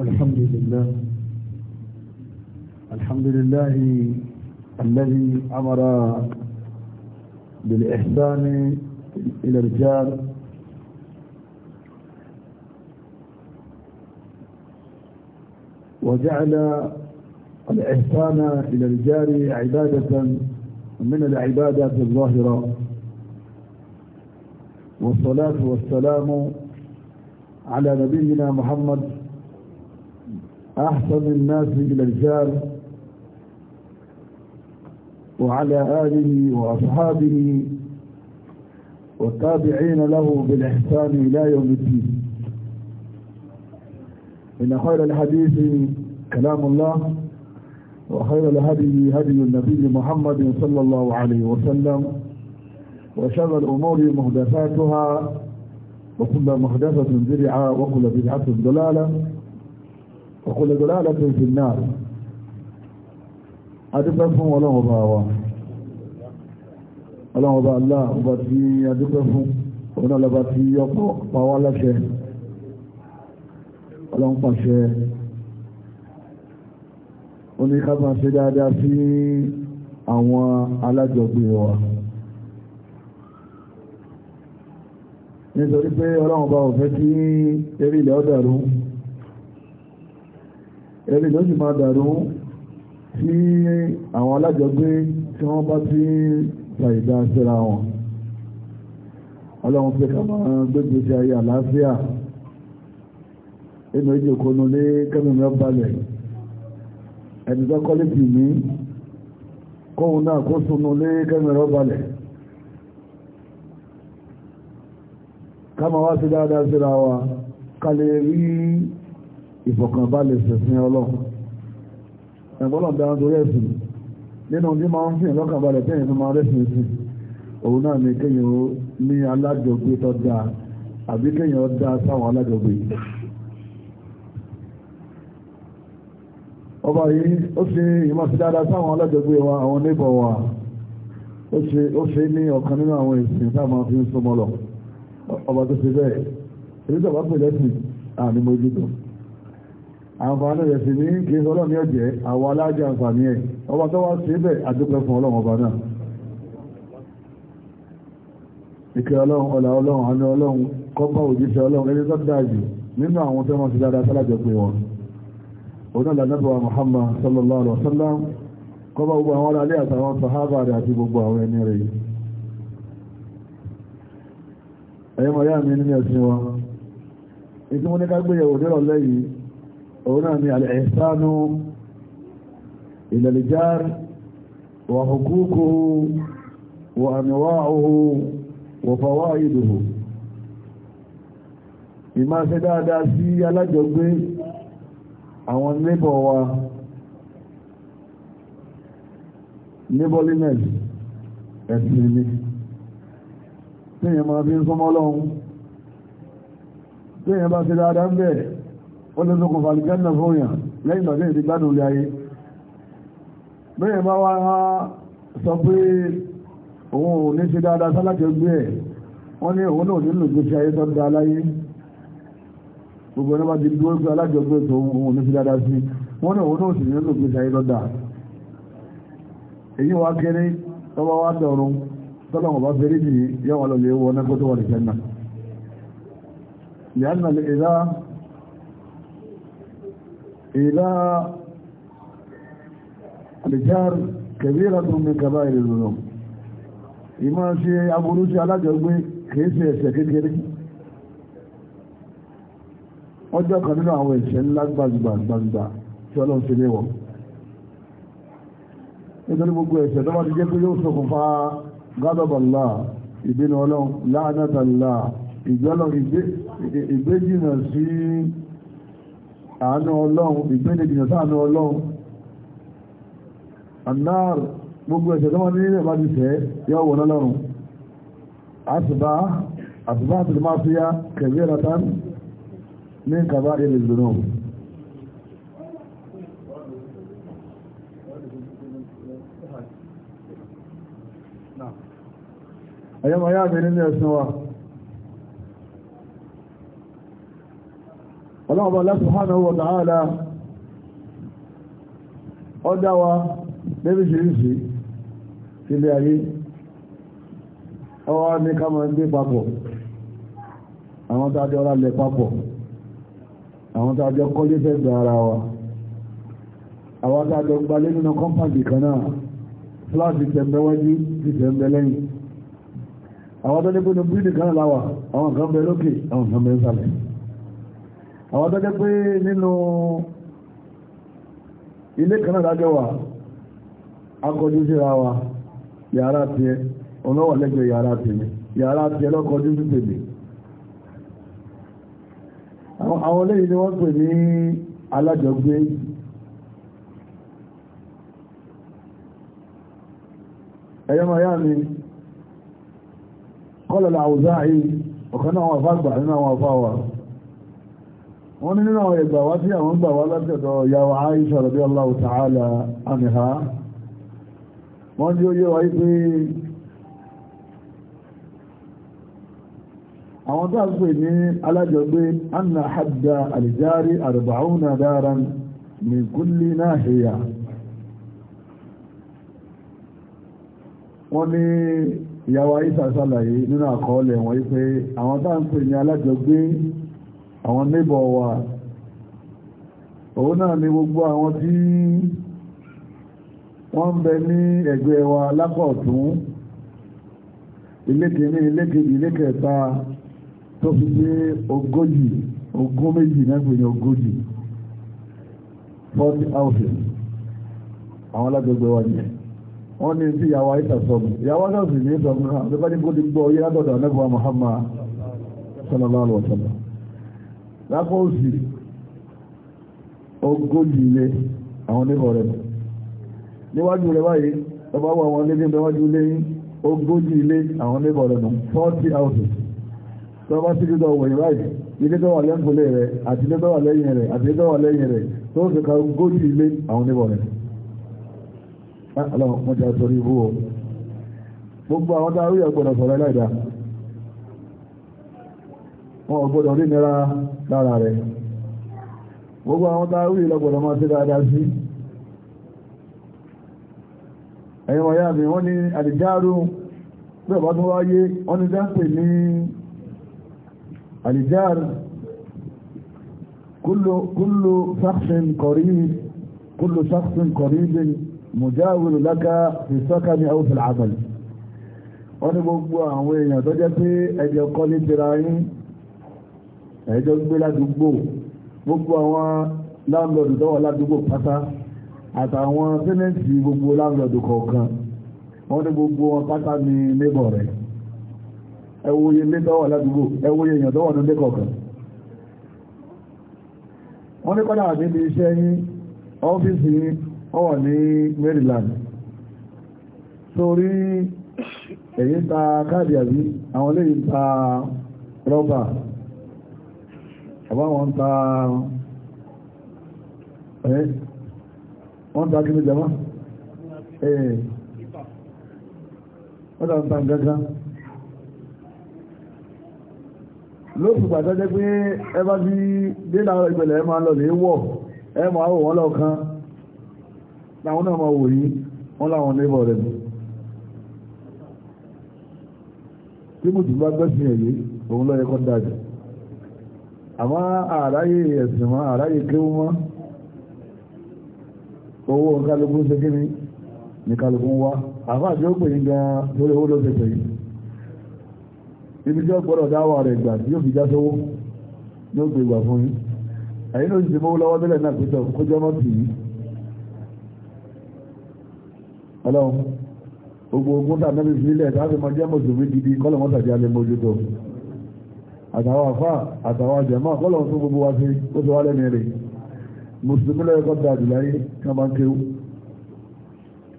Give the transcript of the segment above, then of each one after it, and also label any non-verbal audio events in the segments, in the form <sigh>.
الحمد لله الحمد لله الذي أمر بالإحسان إلى الرجال وجعل الإحسان إلى الجار عبادة من العبادات الظاهرة والصلاة والسلام على نبينا محمد أحسن الناس إلى الجار وعلى آله وأصحابه والتابعين له بالإحسان إلى يوم الدين إن خير الحديث كلام الله وخير الهدي هدي النبي محمد صلى الله عليه وسلم وشر الأمور مهدفاتها وكل مهدفة بدعة وكل بدعة ضلالة ọ̀kọ̀lẹ̀gbọ̀lá àlọ́pẹ̀ ìfì náà adúpẹ́ fún ọlọ́run ọba wa ọlọ́run ọba Allah ọba tí adúpẹ́ fún ọ̀nà ọba tí ọpọ̀ pàwọ́ aláṣẹ ọlọ́run pàṣẹ oníkábà ṣe dáadáa sí àwọn alájọgbé wa nítorí pé ọlọ́run ọba ò fẹ́ kí eré ilẹ̀ ọ̀dàrú ẹ̀rí ló sì máa dàrú tí àwọn alájọgbé tí wọ́n bá ti ṣàìdá síra wọn ọlọ́run fẹ́ ká máa gbégbé sí ayé àlàáfíà inú ojú òkúnnú lé kẹ́mìmí ọbalẹ̀ ẹni tó kọ́lé tì mí kóhun náà kó súnú lé kẹ́mìmí ọbalẹ̀ ká máa wá sí dáadáa síra wa ká lè rí ìfọ̀kànbalẹ̀ ṣẹ̀sìn ọlọ́run ẹ̀gbọ́n ọ̀dá torí ẹ̀sìn nínú tí máa ń fi ìlọ́kànbalẹ̀ tẹ́yìn tó máa rẹ́sìn sí òun náà ni kéèyàn ní alájọgbé tó dáa àbí kéèyàn dá sáwọn alájọgbé ọba yìí ó ṣe ìmọ̀ sí dáadáa sáwọn alájọgbé wa àwọn níbọ̀ wa ó ṣe ní ọ̀kan nínú àwọn ìsìn táwọn fi ń súnmọ́ lọ ọba tó ṣe bẹ́ẹ̀ èyí tó bá pè lẹ́sìn àní mojútó àǹfààní rẹ̀ sì ní kí ọlọ́run ní ọ̀jẹ́ àwọn alájà àǹfààní ẹ̀ ọba tó wá síbẹ̀ àdúpẹ́ fún ọlọ́run ọba náà ìkẹ́ ọlọ́run ọlà ọlọ́run àánú ọlọ́run kọ́bá òjíṣẹ́ ọlọ́run ẹni tó dáa jù nínú àwọn tó wọ́n ti dáadáa sálájọ pé wọn òun náà lànà bọ̀ Muhammad sallallahu alaihi wasallam kọ́bá gbogbo àwọn aráalé àtàwọn sàhábà rẹ̀ àti gbogbo àwọn ẹni rẹ̀ ẹ̀yẹ́ mọ̀ yá mi nínú ẹ̀sìn wọn ètò wọn ní ká gbéyàwó nírọ̀lẹ́ yìí òun náà ni al-ihsanu ila al-jar wa huququhu wa anwa'uhu wa fawa'iduhu ìmá ṣe dáadáa sí alájọgbé àwọn nébọ̀ wa nébọ̀línẹ̀s ẹ̀sìn ni tí èèyàn máa fi ń súnmọ́ lọ́hun tí èèyàn bá ṣe dáadáa ń bẹ̀rẹ̀ ó lè lókun fàlìjánà fún yàn lẹ́yìn lọ́dẹ́ ìdí gbádùn ilé ayé bẹ́ẹ̀ bá wá sọ pé òun ò ní ṣe dáadáa sálákẹ́ gbé ẹ̀ wọ́n ní òun náà nílò gbèsè ayé tó da láyé gbogbo ẹni bá ti dúró pé alájọgbé tó òun ò ní ṣe dáadáa sí wọ́n ní òun náà sì nílò gbèsè ayé tó da èyí wá kéré tọ́wọ́ wá dọ̀rùn tọ́lọ́wọ́ bá fẹ́rẹ́ nìyí yẹ́wọ̀n lọ lè wọ́n náà kó tó wà nìkẹ́ náà إلى الجار كبيرة من كبائر الذنوب ìmọ̀ ṣe aburúṣe alájọgbé kìí ṣe ẹ̀ṣẹ̀ kékeré ọjọ́ kan nínú àwọn ẹ̀ṣẹ̀ ńlá gbàgbàgbàgbà tí ọlọ́run ṣe léwọ̀ nítorí gbogbo ẹ̀ṣẹ̀ tó bá ti jẹ́ pé yóò ṣokùnfà gádọ́bàlá ìbínú ọlọ́run láàánátàlá ìgbẹ́jìnà sí àánú ọlọ́run ìgbẹ́lẹ̀ ìjìnà sáànú ọlọ́run annar gbogbo ẹ̀ṣẹ̀ tó wọ́n ní ilẹ̀ bá ti fẹ́ yọ wọ́n lọ́rùn àtìbá àtìbá àti máa fi yá kẹ̀bí ẹ̀látán ní kàbá ilẹ̀ ìdùnnà ẹ̀yọ́mọ̀ yá mi nínú ẹ̀sìn wa ọlọ́ọ̀bọ̀ Allah subhanahu wa ta'ala ó dá wa lẹ́rìṣìíríṣì sílé ayé ọwọ́ ní ká máa ń gbé papọ̀ àwọn tàbí ọlá lẹ papọ̀ àwọn tàbí ọkọ́lé fẹ́gbẹ̀ ara wa àwọn tàbí ọgbàlé nínú kọ́mpàdì kan náà fúláàdì tẹ̀m̀bẹ̀wájú ti tẹ̀m̀bẹ̀ lẹ́yìn àwọn tó ní àwọn tó jẹ́ pé nínú ilé kan náà dájọ́ wà akọjú síra wa yàrá tiẹ̀ ọlọ́wà lẹ́gbẹ̀ẹ́ yàrá tèmi yàrá tiẹ̀ lọ́kọjú sí tèmi àwọn olóyìn ni wọ́n pè ní alájọgbé ẹ̀yọ́mọ̀ yá mi kọ́lọ̀lọ̀ àwùzá yìí ọ̀kan náà wọ́n fàgbà nínú àwọn afáwà wọ́n ní nínú àwọn ẹgbà wá tí àwọn gbà wá látẹ̀dọ̀ ìyàwó Aisha radiyallahu ta'ala anha wọ́n jí ó yé wáyé pé àwọn tó àpè ní alájọgbé anna hadda aljari arba'una daran min kulli nahiya wọ́n ní ìyàwó Aisha sálàyé nínú àkọọ́lẹ̀ wọ́n wípé àwọn tó àpè ní alájọgbé àwọn nébọ̀ wa òun náà ni gbogbo àwọn tí wọ́n ń bẹ ní ẹgbẹ́ wa lápọ̀tún iléke kìíní ilé tó fi dé ogójì ogún méjì náà ní ogójì forty àwọn alágbègbè wa wọ́n ní tí ìyàwó àìsà sọ́mù ìyàwó ní ní lápá òsì ogójì ilé àwọn níbọ̀ rẹ̀ níwájú rẹ̀ báyìí ọba wà wọn lé níbẹ̀ wájú lé ogójì ilé àwọn níbọ̀ rẹ̀ nù forty houses tó bá sí dídọ̀ wọ̀nyí báyìí ilé tó wà lẹ́kùnlé rẹ̀ àti ilé tó wà lẹ́yìn rẹ̀ àti ilé tó wà lẹ́yìn rẹ̀ tó fi ka ogójì ilé àwọn níbọ̀ rẹ̀ aláwọ̀ mọ́jà sọ ibú o gbogbo àwọn tá a rí ọgbọ̀dọ̀ sọ̀rọ̀ láìdáa wọn ò gbọ́dọ̀ rí nira lára rẹ̀ gbogbo àwọn tá a rí lọ́gbọ̀dọ̀ máa ṣe dáadáa sí ẹ̀yìn wọ̀nyá mi wọ́n ní àdìjáàrú bí ọ̀bá tún wáyé wọ́n ní dáńpẹ̀ ní àdìjáàrú kullu kullu shakhsin qarib kullu shakhsin qarib mujawil laka fi wọ́n ní gbogbo àwọn èèyàn tó jẹ́ pé ẹ̀jẹ̀ kọ́lé tira yín ẹ̀ẹ́jọ́ gbé ládùúgbò gbogbo àwọn láńlọ́ọ̀dù tó wà ládùúgbò pátá àtàwọn sẹ́nẹ̀tì gbogbo láńlọ́ọ̀dù kọ̀ọ̀kan wọ́n ní gbogbo wọn pátá ní nébọ̀ rẹ̀ ẹwòye ilé tó wà ládùúgbò ẹwòye èèyàn tó wà nílé kọ̀ọ̀kan wọ́n ní kọ́dà níbi iṣẹ́ yín ọ́fíìsì yín ọ̀wọ̀ ní Maryland sórí èyí ta káàdì àbí àwọn léyìí ta rọ́bà àbá wọn ta ẹ́ wọ́n ta kíni jama ẹ́ wọ́n ta ta gángan lóòsù pàtàkì pé ẹ bá bí dínà ìgbẹ̀lẹ̀ ẹ máa lọ lè wọ̀ ẹ máa wò wọ́n lọ́ọ̀kan láwọn náà máa wò yí wọ́n láwọn lébọ̀ rẹ̀ nù tí mo ti bá gbẹ́sìn ẹ̀yẹ òun lọ́yẹ kọ́ dájú àmọ́ àráyè ẹ̀sìn mọ́ àráyè kéwú mọ́ owó kálukú ṣe kí ni ní kálukú wá àfáàtí ó pè ní gan lórí owó ló ṣe pè ní ibi tí ó gbọ́dọ̀ dáwà rẹ̀ gbà tí yóò fi já sówó ní ó pè gbà fún yín ẹ̀yìn ló ti mọ́ lọ́wọ́ tẹ́lẹ̀ náà pẹ́tọ̀ kó jọ mọ́ tì í ọlọ́run gbogbo ogun tà náà fi sílẹ̀ tá a fi mọ jẹ́ mùsùlùmí gidi kọ́lọ̀mọ́sàdì àtàwọn àfá àtàwọn àjẹmọ́ kọ́lọ̀ fún gbogbo wa sí ó ti wá lẹ́nu rẹ̀ mùsùlùmí lẹ́yẹ̀kọ́ da àdìláyé kí wọ́n bá ń kéwú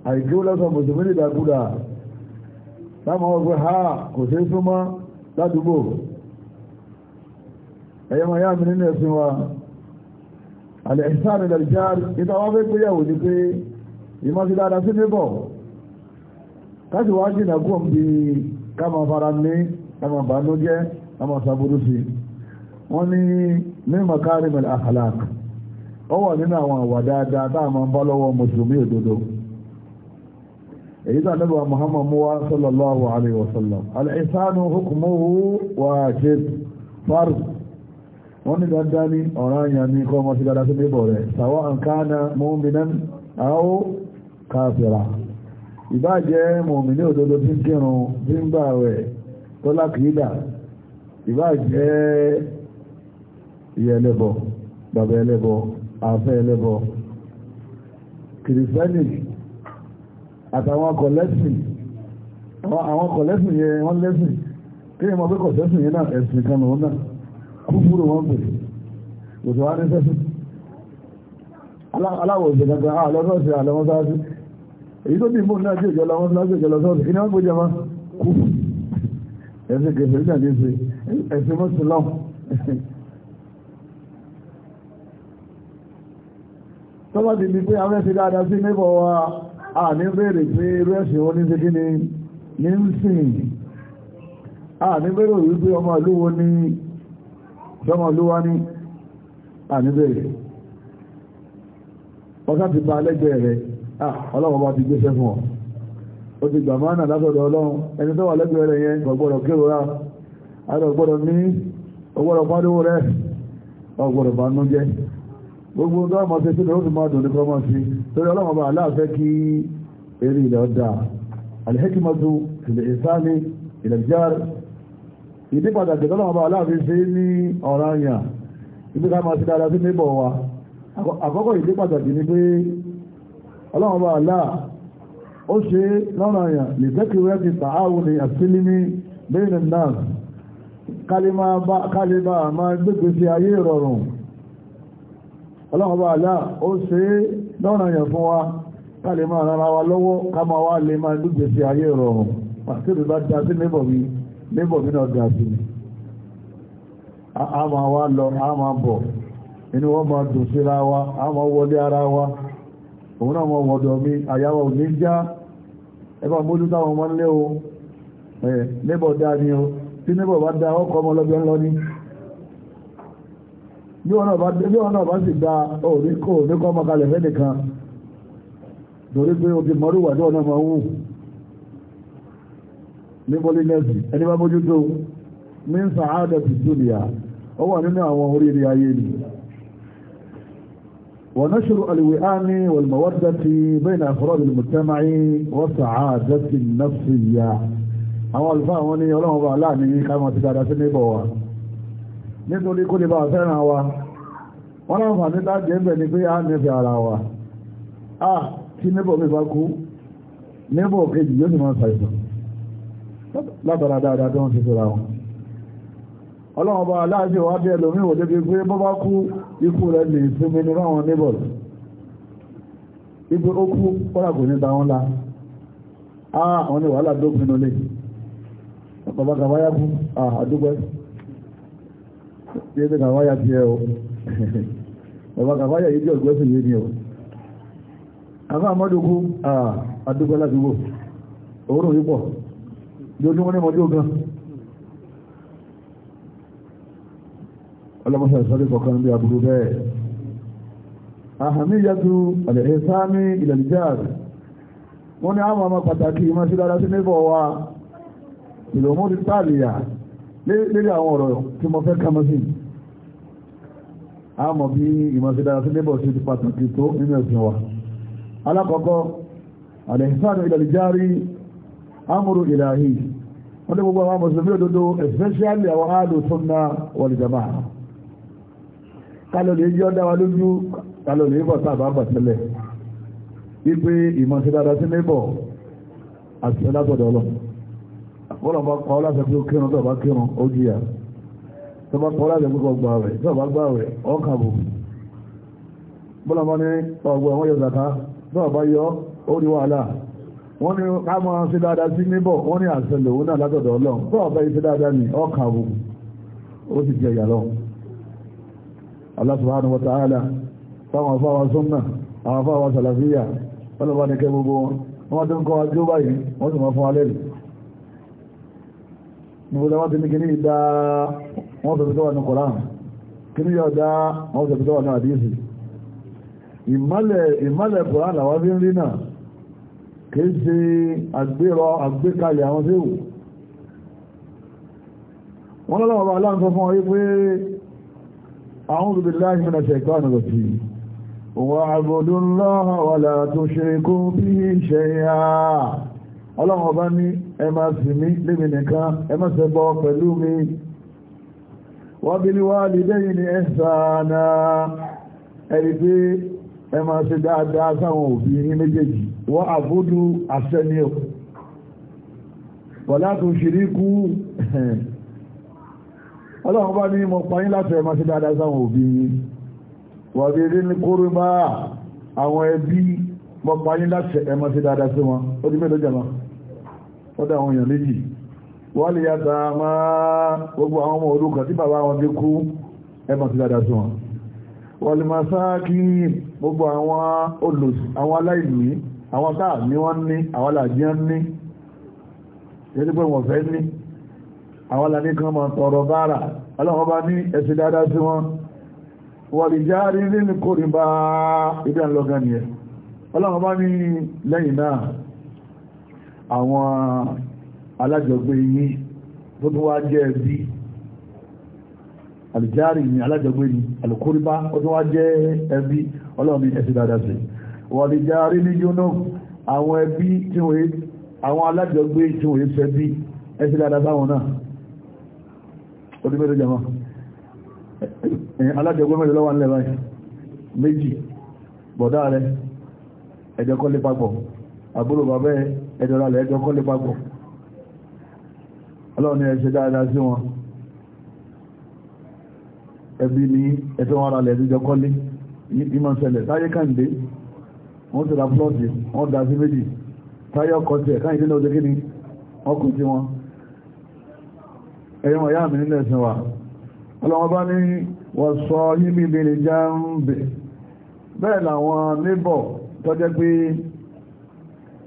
àìkéwú lọ́sọ̀ mùsùlùmí lè dàkúdà láwọn ọgbẹ́ ha kò sí súnmọ́ ládùúgbò ẹ̀yẹ́ máa yá mi nínú ẹ̀sìn wa àlẹ́ ìsáà mi lẹ́lẹ́ jáde wọ́n fẹ́ gbéyàwó ni pé ìmọ̀ sí dáadáa sí níbọ̀ káṣíwájú ìnàkùn bíi ká fara ní ká bàánú jẹ́ ọmọ sàbúrú sí wọ́n ní mímọ̀ kárí mẹ́lẹ̀ akhlaq ó wà nínú àwọn àwà dáadáa tá a máa ń bá lọ́wọ́ mùsùlùmí òdodo èyí tó ànábì Muhammad muwa sallallahu alayhi wa sallam al-ihsanu hukmuhu wajib fard wọ́n ní dáadáa ní ọ̀ranyàn ní kọ́ ọmọ sí dáadáa sí kafira ìbá mọ̀mí ní òdodo tí ń kírun tí ń gbà rẹ̀ tó lákìídà ìbá jẹ́ ìyá ẹlẹ́bọ bàbá ẹlẹ́bọ àfẹ́ ẹlẹ́bọ kìrìsìtẹ́nì àtàwọn kọ̀lẹ́sìn àwọn kọ̀lẹ́sìn yẹn wọ́n lẹ́sìn kí ni mo fẹ́ kọ̀lẹ́sìn yẹn náà ẹ̀sìn kan lòun náà kúkúrú wọn pè òtò wá ní sẹ́sìn aláwọ̀ òṣèlú kankan àwọn ọlọ́sọ̀ọ̀sẹ̀ ah, àlọ́wọ́n sáájú èyí tó ti fún náà tí ìjọ lọ́wọ́ sáájú ìjọ lọ́sọ̀ọ̀sẹ̀ kí ni wọ́n pè jẹ́ wọn kú ẹ̀sìn kẹfẹ́ nígbà ní í ẹ̀sìn mọ́sùlọ́m tọ́bá ti di pé àwọn ẹ̀sìn dáadáa sí níbọ̀ wa a ní bèèrè pé irú ẹ̀sìn wọn ní ṣe kí ni ní ń sìn a ní bèèrè wípé ọmọ olúwo ní ṣọmọ olúwa ní a ní bèèrè ọ̀sá ti ba lẹ́gbẹ̀ẹ́ rẹ̀ ọlọ́wọ́ bá ti gbéṣẹ́ fún ọ ó ti gbàmánà látọ̀dọ̀ ọlọ́run ẹni tó wà lẹ́gbẹ̀ẹ́ rẹ̀ yẹn gbọ̀gbọ̀rọ̀ ààrẹ ọgbọ́dọ̀ ní ọgbọ́dọ̀ pàdówó rẹ̀ ọgbọ́dọ̀ bá jẹ́ gbogbo ọmọ ṣe sílẹ̀ máa dùn kọmọ sí torí ọlọ́mọba aláàfẹ́ kí eré ilẹ̀ ọ̀dà alhikimatu ilẹ̀ ìsáni ilẹ̀ jar ìdí pàtàkì ọlọ́mọba aláàfẹ́ ṣe ní ọ̀rọ̀ àyà ìdí kalima máa gbégbé sí ayé ìrọ̀rùn ọlọ́pàá àlá ó ṣe é yẹn fún wa kálíbà rárá wa lọ́wọ́ ká máa wá lè máa gbégbé si aye ìrọ̀rùn pàtíbí bá dá sí níbọ̀ mi níbọ̀ mi náà dá sí a lọ a bọ̀ inú dùn wa wọlé ara wa òun náà mi àyàwó ní já ẹgbà nílé o ẹ̀ níbọ̀ dá o tí níbọ̀ bá dá ọkọ̀ ọmọ ọlọ́gbẹ́ ńlọ ní bí wọn náà bá sì dá òríkò oníkọ́ ọmọkalẹ̀ fẹ́ nìkan torí pé o ti mọ́rú wà náà máa wù ní pọ́línẹ́sì ẹni bá mójú tó ní ń sàádọ̀ sí júlìà ó wà nínú àwọn oríire ayé ni wọ́n náà ṣòro àlùwẹ̀ á ní wọ̀lùmọ̀wọ́dá ti bẹ́ẹ̀ náà fọ́rọ̀ àwọn àlùfáà wọn ní ọlọ́run bá láàrin ní káàmọ̀ ti dáadáa sí níbọ̀ wa nítorí kó lè bá fẹ́ràn wa wọ́n láǹfà ní láti ẹgbẹ̀ ni pé a nífẹ̀ẹ́ ara wa a kí níbọ̀ mi bá kú níbọ̀ kejì yóò sì máa ṣàìsàn látara dáadáa tó ń ti fẹ́ra wọn ọlọ́run bá láàrin wa bí ẹlòmí wò débi pé bọ́ bá kú ikú rẹ̀ lè sinmi ní ráwọn níbọ̀ ibi ó kú kọ́lá kò ní ta wọn la a àwọn ni wàhálà dópin lónìí bàbá kàwáyà kú àdúgbò yé bẹ kàwáyà tiẹ̀ o bàbá kàwáyà yé bí ọ̀gbẹ́ sì yé ni o àbá àmọ́dù kú àdúgbò ládùúgbò òórùn yìí pọ̀ lójúmọ́ ní mọ́jú gan ọlọ́mọsẹ̀ ìsọ́lẹ̀ kọ̀ọ̀kan bí aburú bẹ́ẹ̀ àhàmíyàtú àlẹ́hẹ́sáàmì ìlẹ̀lìjáàrì wọ́n ní àwọn ọmọ pàtàkì ìmọ̀ sí dára sí níbọ̀ wa ìlòmórí táàlìyà lérí àwọn ọ̀rọ̀ tí mo fẹ́ kámọ́ sí àmọ́ bí ìmọ̀sídára sí lébọ̀ sí ti pàtàkì tó nínú ẹ̀sìn wa alákọ̀ọ́kọ́ àdẹ̀sánù ìdàlìjárí amúrú ìlàhí wọ́n ní gbogbo àwọn mùsùlùmí òdodo especially àwọn àádùn sunna wal jamaa kálọ̀ lè yọ́ dáwà lójú kálọ̀ lè bọ̀ sáà bá bà tẹ́lẹ̀ wípé ìmọ̀sídára sí lébọ̀ àti ọlátọ̀dọ̀ bọ́lọ̀ bá kọ́ láti pé ó kírun tó bá kírun ó jìyà tó bá kọ́ láti pé kọ́ gbà rẹ̀ tó bá gbà rẹ̀ ọ́ kàbò bọ́lọ̀ bá ní ọgbọ̀ àwọn yọ zàká tó bá yọ ó rí wàhálà wọ́n ní ká máa ṣe dáadáa sí níbọ̀ wọ́n ní àṣẹlẹ̀ òun náà látọ̀dọ̀ ọlọ́run tó bá yìí ṣe dáadáa ní ọ́ kàbò ó sì jẹ ìyàlọ́ Allah subhanahu wa ta'ala fáwọn afáwa súnnà àwọn afáwa sàlàfíà bọ́lọ̀ bá ní kẹ́ gbogbo wọn wọ́n tó ń kọ́ ajó báyìí wọ́n sì máa fún alẹ́ rẹ̀ gbogbo wọn ti ní kìíní ìdá wọn sọ fìtọ́wà ní koran kìíní yọ dá wọn sọ fìtọ́wà ní àdíyèsí ìmọ́lẹ̀ ìmọ́lẹ̀ koran làwọn fi ń rí náà kìí ṣe àgbérọ àgbékalẹ̀ àwọn tí ó wọ́n lọ́wọ́ bá aláǹsọ fún ọyí pé a'udhu billahi minash shaitanir rajim wa'budu allaha wa la tushriku bihi shay'a ọlọ́run ọba ní ẹ máa sì lémi nìkan ẹ má pẹ̀lú mi wọ́n bí wá lídẹ́yìn ní ẹ̀sàánà ẹ̀rí pé ẹ máa ṣe dáadáa sáwọn òbí ní méjèèjì wọ́n àbúdú àṣẹ́niọ̀ wọ́n látún ṣìríkú ọlọ́run bá ní mọ̀ pàyín láti ẹ máa dáadáa sáwọn òbí wọ́n bí rí ní kóró àwọn ẹbí mọ̀ pàyín láti ẹ máa dáadáa sí wọn ó di mélòó jẹ́ wọn wọ́n dá àwọn èèyàn méjì wọ́n lè yàtà máa gbogbo àwọn ọmọ òrukàn tí bàbá wọn dé kú ẹmọ̀ sí dáadáa sí wọn wọ́n lè máa sáàkì gbogbo àwọn olùsí àwọn aláìní àwọn táà ní wọ́n ní àwọn làjíyàn ní yẹ́dí pé wọ́n fẹ́ ní àwọn làní kan máa tọrọ bára ọlọ́wọ́n bá ní ẹ̀sẹ̀ dáadáa sí wọn wọ́n lè já nínú kórìbá ìdánlọ́gán àwọn alájọgbé yín tó tún wá jẹ́ ẹbí alìjárì ni alájọgbé ni alùkóríbá ó tún wá jẹ́ ẹbí ọlọ́ọ̀ni ẹ̀sìn dáadáa sí wọ́n lè járí ní jóná àwọn ẹbí tí wọ́n àwọn alájọgbé tí wọ́n fẹ́ bí ẹ̀sìn dáadáa sáwọn náà ẹjọ́ rálẹ̀ ẹjọ́ kọ́lé papọ̀ ọlọ́run ni ẹ ṣe dáadáa sí wọn ẹbí ní ẹfẹ́ wọn rálẹ̀ ẹjọ́ kọ́lé ìmọ̀ ṣẹlẹ̀ táyé kàǹdé wọ́n ti ra plọ́ọ̀tì wọ́n dá sí méjì táyé ọkọ̀ tiẹ̀ káyìndé náà ó jẹ́ kí ni wọ́n kù sí wọn ẹ̀yọ́ wọn yá mi nílẹ̀ ẹ̀sìn wa ọlọ́wọ́ bá ní wọ́n sọ yí mi bí ní jáǹbì bẹ́ẹ̀ làwọn níbọ̀ tọ́jẹ́ pé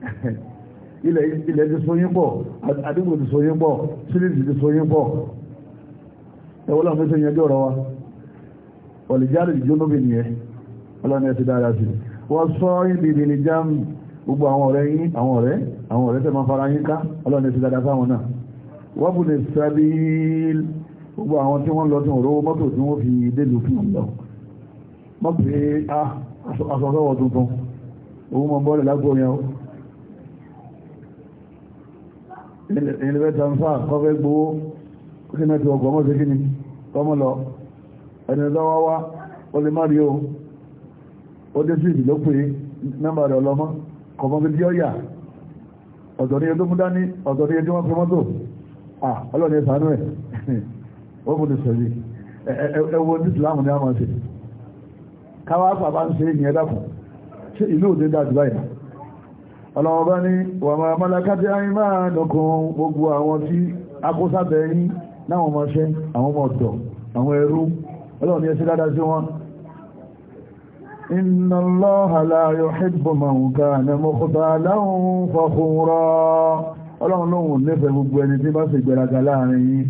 <laughs> ilẹ̀ ilẹ̀ ti sóyún pọ̀ àdúgbò ti sóyún pọ̀ sílìsì ti sóyún pọ̀ ẹwọ́n láwọn fẹ́sẹ̀ yẹn jọ́rọ wa ọ̀lẹ̀jáde ìjónóbì nìyẹn ọlọ́ni ẹ̀ ti dára sí wọ́n sọ ibi ìdílé jáàmù gbogbo àwọn ọ̀rẹ́ yín àwọn ọ̀rẹ́ àwọn ọ̀rẹ́ tẹ́ máa fara yín ká ọlọ́ni ẹ̀ ti dára sáwọn náà wọ́n bù ní sábìl gbogbo àwọn tí wọ́n lọ tí wọ́n rówó mọ́tò tí wọ́n fi délù fún wọn lọ mọ́ pé ah, aṣọ ọ̀sọ̀wọ̀ tuntun òun mọ́ bọ́ọ̀lù lágbóyan ilẹ̀ tàǹfà kọfẹ́ gbowó kí náà ti ọgbọ̀ ọmọ sí kíni ọmọ lọ ẹni lọ́wọ́ wá ó lè o ó dé sí ìlú pé nọ́mbà rẹ̀ ọlọ́mọ kọ̀mọ́ bí bí ọ̀yà ọ̀dọ̀ ní ẹjọ́ múdá ní ọ̀dọ̀ ní ẹjọ́ wọn fi mọ́tò à ọlọ́ni ẹ̀ sànú <laughs> ẹ̀ ó mú ní sọ̀rí ẹwọ ní ìsìláàmù ní àmọ́ sí káwá pàbá ń ṣe ìyẹn dàkùn ṣé ọlọ́ọ̀bá ní wàmà mọ́lákàtí àìmá nùkún gbogbo àwọn tí akósábẹ̀ yí náwọn ọmọṣẹ́ àwọn ọmọ ọ̀dọ̀ àwọn ẹrú ọlọ́ọ̀ni ẹsẹ́ dáadáa sí wọn inna Allaha la yuhibbu man kana mukhtalan fakhura ọlọ́run lóhun nífẹ̀ẹ́ gbogbo ẹni tí bá ṣe gbẹ̀rẹ̀gà láàrin yín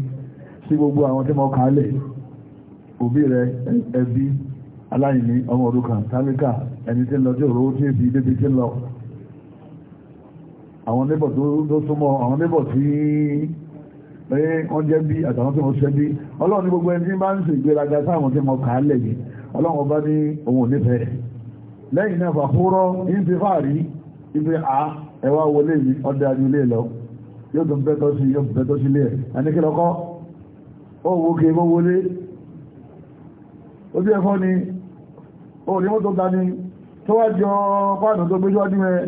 sí gbogbo àwọn tí mọ́ kálẹ̀ òbí rẹ̀ ẹbí aláìní ọmọ òrukàn tálíkà ẹni tí ń lọ tí òró tí èbí débi tí ń lọ àwọn nébọ̀ tó súnmọ́ àwọn nébọ̀ tí wọ́n jẹ́ bí àtàwọn tí wọ́n ṣẹ́ bí ọlọ́run ní gbogbo ẹni tí bá ń ṣe ìgbéraga sáwọn tí mo kà á lẹ̀ yìí ọlọ́run bá ní ohun nífẹ̀ẹ́ lẹ́yìn náà fàkúrọ́ ìfi fàárí ibi a ẹwà wọlé mi ọdẹ adúlé lọ yóò tún bẹ́tọ́ sí yóò bẹ́tọ́ sílé ẹ̀ àníkìlọ́kọ́ ó wo kí mọ́ wọlé ó bí ẹ̀fọ́ ni ó ní mọ́tò ta ni tó wá jọ páàdùn tó gbéjọ́ ọdún ẹ̀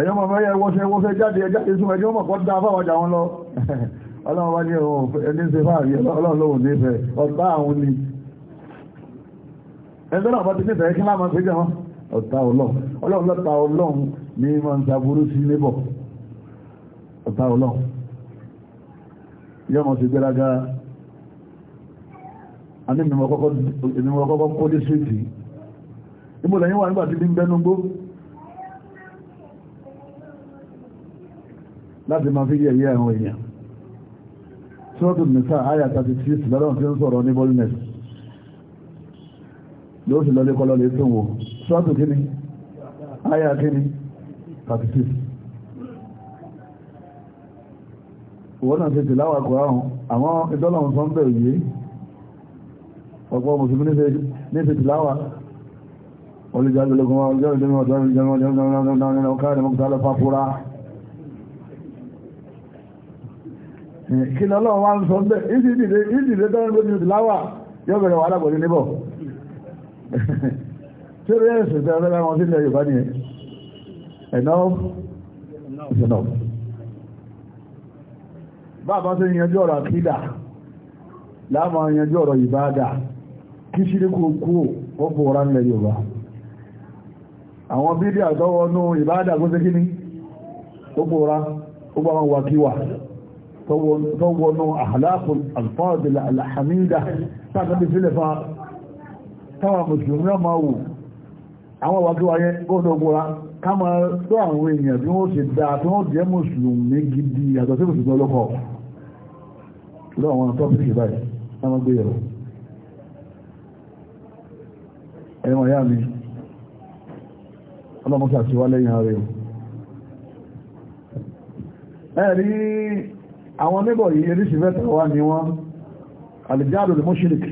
ẹ̀yọ́ mọ̀ mẹ́yẹ wọ́ṣẹ́ wọ́ṣẹ́ jáde ẹjáde sún ẹjọ́ mọ̀ kọ́ dá fáwọjà wọn lọ <laughs> ọlọ́run wá ní ẹni ṣe fáàrí ọlọ́run lóhùn nífẹ̀ẹ́ ọ̀tá àwọn ni ẹjọ́ náà bá ti nífẹ̀ẹ́ kí láàmà pé jẹun ọ̀tá ọlọ́run ọlọ́run lọ́ta ọlọ́run ní máa ń saburú sí níbọ̀ ọ̀tá ọlọ́run yọ́mọ̀ ti gbéraga a ní mímọ̀ kọ́kọ́ kó dé sí ìtì ìmọ̀lẹ́yìn wà nígbà tí bí ń bẹ́nu gbó láti máa fi yẹ̀yẹ́ àwọn èèyàn sọ́tù nìsá àyà 36 lọ́dọ̀ tí ń sọ̀rọ̀ ní boldness ló sì lọ́lé kọlọ́ lè tún wò sọ́tù kíní àyà kíní 36 wọ́n náà ti ti láwà kọ́ àwọn àwọn ìdọ́lọ̀hún sọ ń bẹ̀rẹ̀ yìí ọ̀pọ̀ mùsùlùmí ní ti ti láwà olùjọ́ ìlú ìkìlọ̀ ọlọ́run wá ń sọ bẹ́ ìdìdè tọ́rin lójú ìdìláwà yóò bẹ̀rẹ̀ wà lápòdé níbọ̀ tí ó rí ẹ̀sùn tẹ́ ọ̀rẹ́ wọn sílẹ̀ Yorùbá ni ẹ̀nà ìṣẹ̀nà bàbá tó yanjú ọ̀rọ̀ àkídà láàmà yanjú ọ̀rọ̀ ìbáadà kí ṣíríkù kú ó bòrá nílẹ̀ Yorùbá àwọn bídí àtọwọ́nú ìbáadà kó sí kíní ó bòrá ó bá wọn wà kíwà tọwọ́nú àhàlákù alfáàdìlà alhamida tàbí sílẹ̀ fa táwà mùsùlùmí ọmọ wù àwọn wàkíwà yẹn kóòdó gbọ́ra ká ma tó àwọn èèyàn bí wọ́n ṣe dáa tí wọ́n jẹ́ mùsùlùmí gidi yàtọ̀ sí mùsùlùmí ọlọ́kọ̀ lọ àwọn tọ́pìkì báyìí láwọn gbé àwọn níbọ̀ yìí eríṣì mẹ́ta wà ní wọ́n alìjáàdù lè mọ́ṣílìk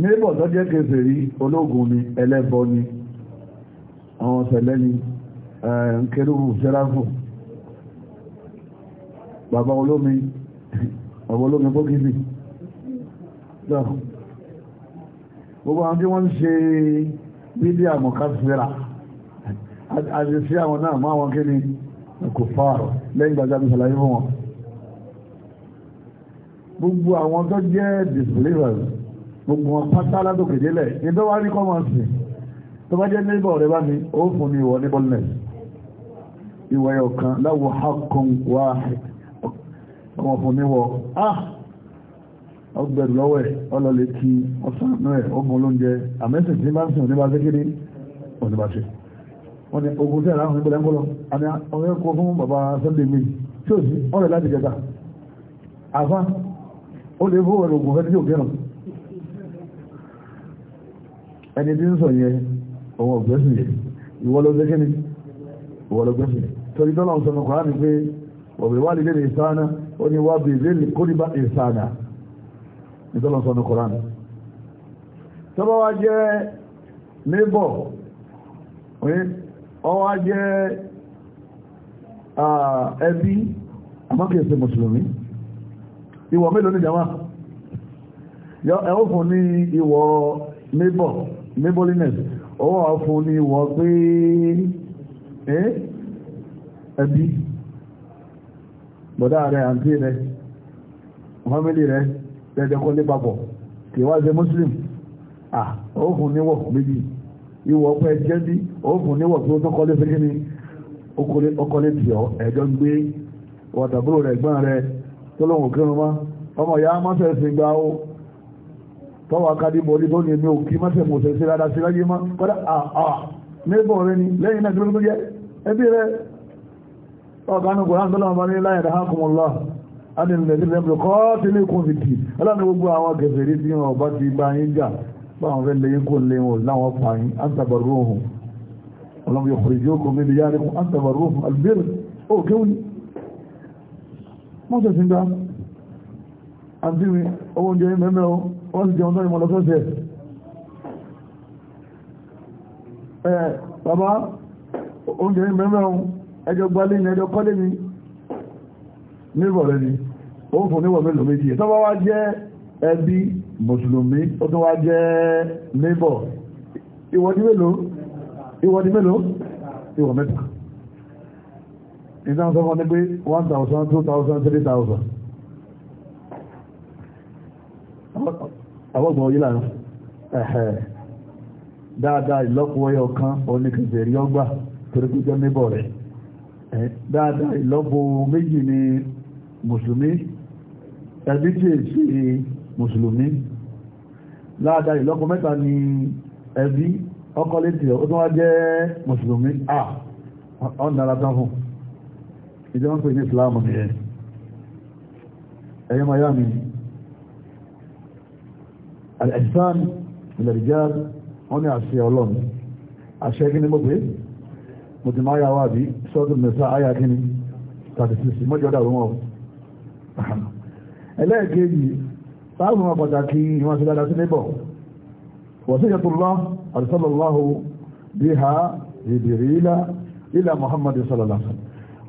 níbọ̀ tó jẹ́ kẹsẹ̀ rí ológun ni ẹlẹ́bọ ni àwọn sẹ̀lẹ́ ni nkẹrùbù eh, sẹ́ráfù bàbá olómi bàbá olómi bókìsì gbogbo àwọn tí wọ́n ń ṣe bídí àmọ̀kásíra àti sí àwọn náà mọ́ àwọn kí ni kò fáàrọ̀ lẹ́yìn gbàjábí sàlàyé fún wọn gbogbo àwọn tó jẹ́ disbelievers gbogbo wọn pátá látòkè délẹ̀ ní tó wá rí common sin tó bá jẹ́ neighbor rẹ bá mi ó fún mi ìwọ ní boldness ìwọ ẹ̀yọ̀ kan láwọ hakun wá ọmọ fún mi wọ ah ọgbẹ̀rù lọ́wọ́ ẹ̀ ọlọ́lẹ̀ kí ọ̀sánú ẹ̀ ogun olóúnjẹ àmẹ́sìn tí bá ń sìn oníbàṣẹ́ kiri oníbàṣẹ́ wọ́n ni ogun tẹ́ẹ̀rẹ́ àwọn ìbẹ̀rẹ̀ ń kọ́lọ́ àmì ọ̀rẹ́ kọ fún bàbá sunday mi tí ó sì ọ̀rẹ́ láti jẹta àfá ó lè fún ọ̀rọ̀ ògùn fẹ́tí òkèrùn ẹni tí ń sọ yẹ ọwọ́ ọ̀gbẹ́sùn yẹ ìwọ́lọ́gbẹ́sìn ìwọ́lọ́gbẹ́sìn torí tọ́lá ń sọmọ kọ̀rá ní pé ọ̀bẹ̀ wà lè lè sáánà ó ní wà bè lè kó ní bá ìsáánà ní tọ́lá ń sọmọ kọ̀rá ní tọ́lá wa jẹ́ nébọ̀ ọwá jẹ́ ah, ẹbí àmọ́kẹ̀ẹ́sẹ̀ mùsùlùmí ìwọ̀ mélòó ní jama ẹ̀wọ́ fún ní ìwọ̀ neighbor neighborliness ọwọ́ fún ní ìwọ̀ pé ẹbí bọ̀dá rẹ̀ àǹtí rẹ̀ family rẹ̀ tẹ́jẹ́kọ́ lé papọ̀ kì wá ṣe muslim ah ọwọ́ fún níwọ̀ méjì ìwọ̀ pẹ́ jẹ́ bí ọwọ́ fún níwọ̀ pé ó tọ́kọ́ lé fẹ́kẹ́ ni ọkọ̀lẹ́ tì ọ́ ẹ̀jọ́ gbé wọ́tàbúrò rẹ̀ gbọ́n rẹ̀ tọ́lọ́wọ̀n kírun mọ́ ọmọ ìyá mọ́sẹ̀ sí gba ó tọ́wọ́ akadìbò orí tó ní èmi òkí mọ́sẹ̀ mọ́sẹ̀ sí rádá sí láyé mọ́ kọ́dá àà nígbọ̀ rẹ ni lẹ́yìn náà tó jẹ́ ẹbí rẹ ọ̀gánú kò ráńtọ́lọ́ ọmọ ní láyé rẹ̀ hákùnmọ́lá adìrìnlẹ̀dì lẹ́mọ̀ kọ́ tí ní kún fìtì ọlọ́ni gbogbo àwọn gẹ̀fẹ̀rí tí wọn bá ti bá yín jà báwọn fẹ́ lẹ́yìn kún lé wọn láwọn pa yín ántabarúhùn ọlọ́mọ yóò kọ̀rọ̀ ìjókòó mi bí yára kún ántabarúhùn albert ó kéwìí mọ́sẹ̀ sí ń dá àti mi owó oúnjẹ mẹ́mẹ́ o wọ́n sì jẹun tọ́jú mọ́lọ́sọ́sẹ̀ ẹ̀ bàbá oúnjẹ mẹ́mẹ́ o ẹjọ́ gbálé ni ẹjọ́ kọ́lé ni níbọ̀ rẹ̀ ni ó fún níwọ̀ mélòó méjì ẹ̀ tọ́bá wá jẹ́ ẹbí mùsùlùmí ó tún wá jẹ́ níbọ̀ ìwọ̀dí mélòó ìwọ̀dí mélòó ìwọ̀ mẹ́ta ìdáhùn sọ́kọ́ ní pé 1000 2000 3000 àwọ́gbọ̀n oyí láàrín ẹ̀hẹ̀ dáadáa ìlọ́pọ̀ ọyọ kan oníkẹ̀ẹ́sẹ̀ rí ọgbà torí pípẹ́ níbọ̀ rẹ̀ dáadáa ìlọ́pọ̀ méjì ni mùsùlùmí ẹbí tí èsì mùsùlùmí láàdáa ìlọ́pọ̀ mẹ́ta ni ẹbí ọkọ̀ létí ó ìjọ ń pè ní ìsìláàmù ní ẹ̀yẹ miami al-ihsan ilẹ̀-rijal wọ́n ní àṣẹ ọlọ́run àṣẹ kí ni mo pè mo ti máa yà wá bí sọ́dún mẹ́sà áyà kí ni 36 mọ́jọ́ dàrú wọn ẹlẹ́ẹ̀kejì táàbù wọn pàtàkì ìwọ̀n sí dáadáa sí níbọ̀ wasiyyatullah arsalallahu biha Jibrila ila Muhammad sallallahu alaihi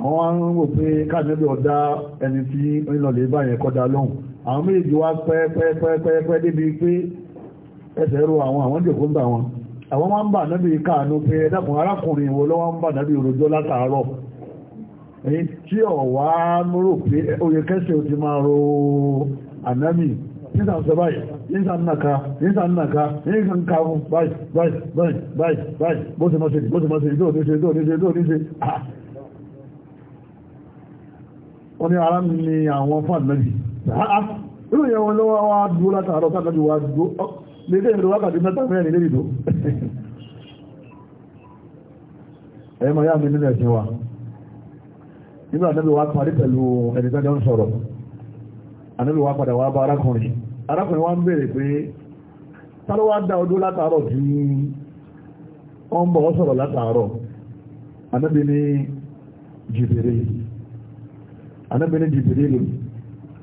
àwọn wá ń wò pé káàdínlẹ́bí ọ̀dá ẹni tí onílọ̀lẹ̀ bá yẹn kọ́dá lóhùn àwọn méjì wá pẹ́ẹ́pẹ́ẹ́pẹ́ débi pé ẹsẹ̀ ro àwọn àwọn jòkó ń bà wọn àwọn wá ń bà nábì káànú pé ẹ̀dàkùn arákùnrin ìwò lọ́wọ́ ń bà nábì òròjọ́ látàárọ̀ èyí tí ọ̀wá múrò pé oyè kẹsẹ̀ ò ti máa ro ànábì nígbà sọ báyìí nígbà nàka nígbà nàka nígbà nka fún báyìí báyìí báyìí báyìí bó ti mọ́ sí bó ti wọ́n ní ara ní àwọn fún àdínẹ́bì ah, ah, irú yẹn wọn lọ́wọ́ wá dúró látàárọ̀ sátàbí wá dúró lédè ìrìn wákàtí mẹ́ta mẹ́rin lédè ìdó ẹ̀yẹ́ máa yá mi nínú ẹ̀sìn wa nígbà àdínẹ́bì wá parí pẹ̀lú ẹni tó ń sọ̀rọ̀ àdínẹ́bì wá padà wá bá arákùnrin arákùnrin wá ń béèrè pé táló wá dá ọdún látàárọ̀ tí wọ́n ń bọ̀ sọ̀rọ̀ látàárọ̀ àdínẹ́bì ní jìbìrì anábìnrin jìbìrìlù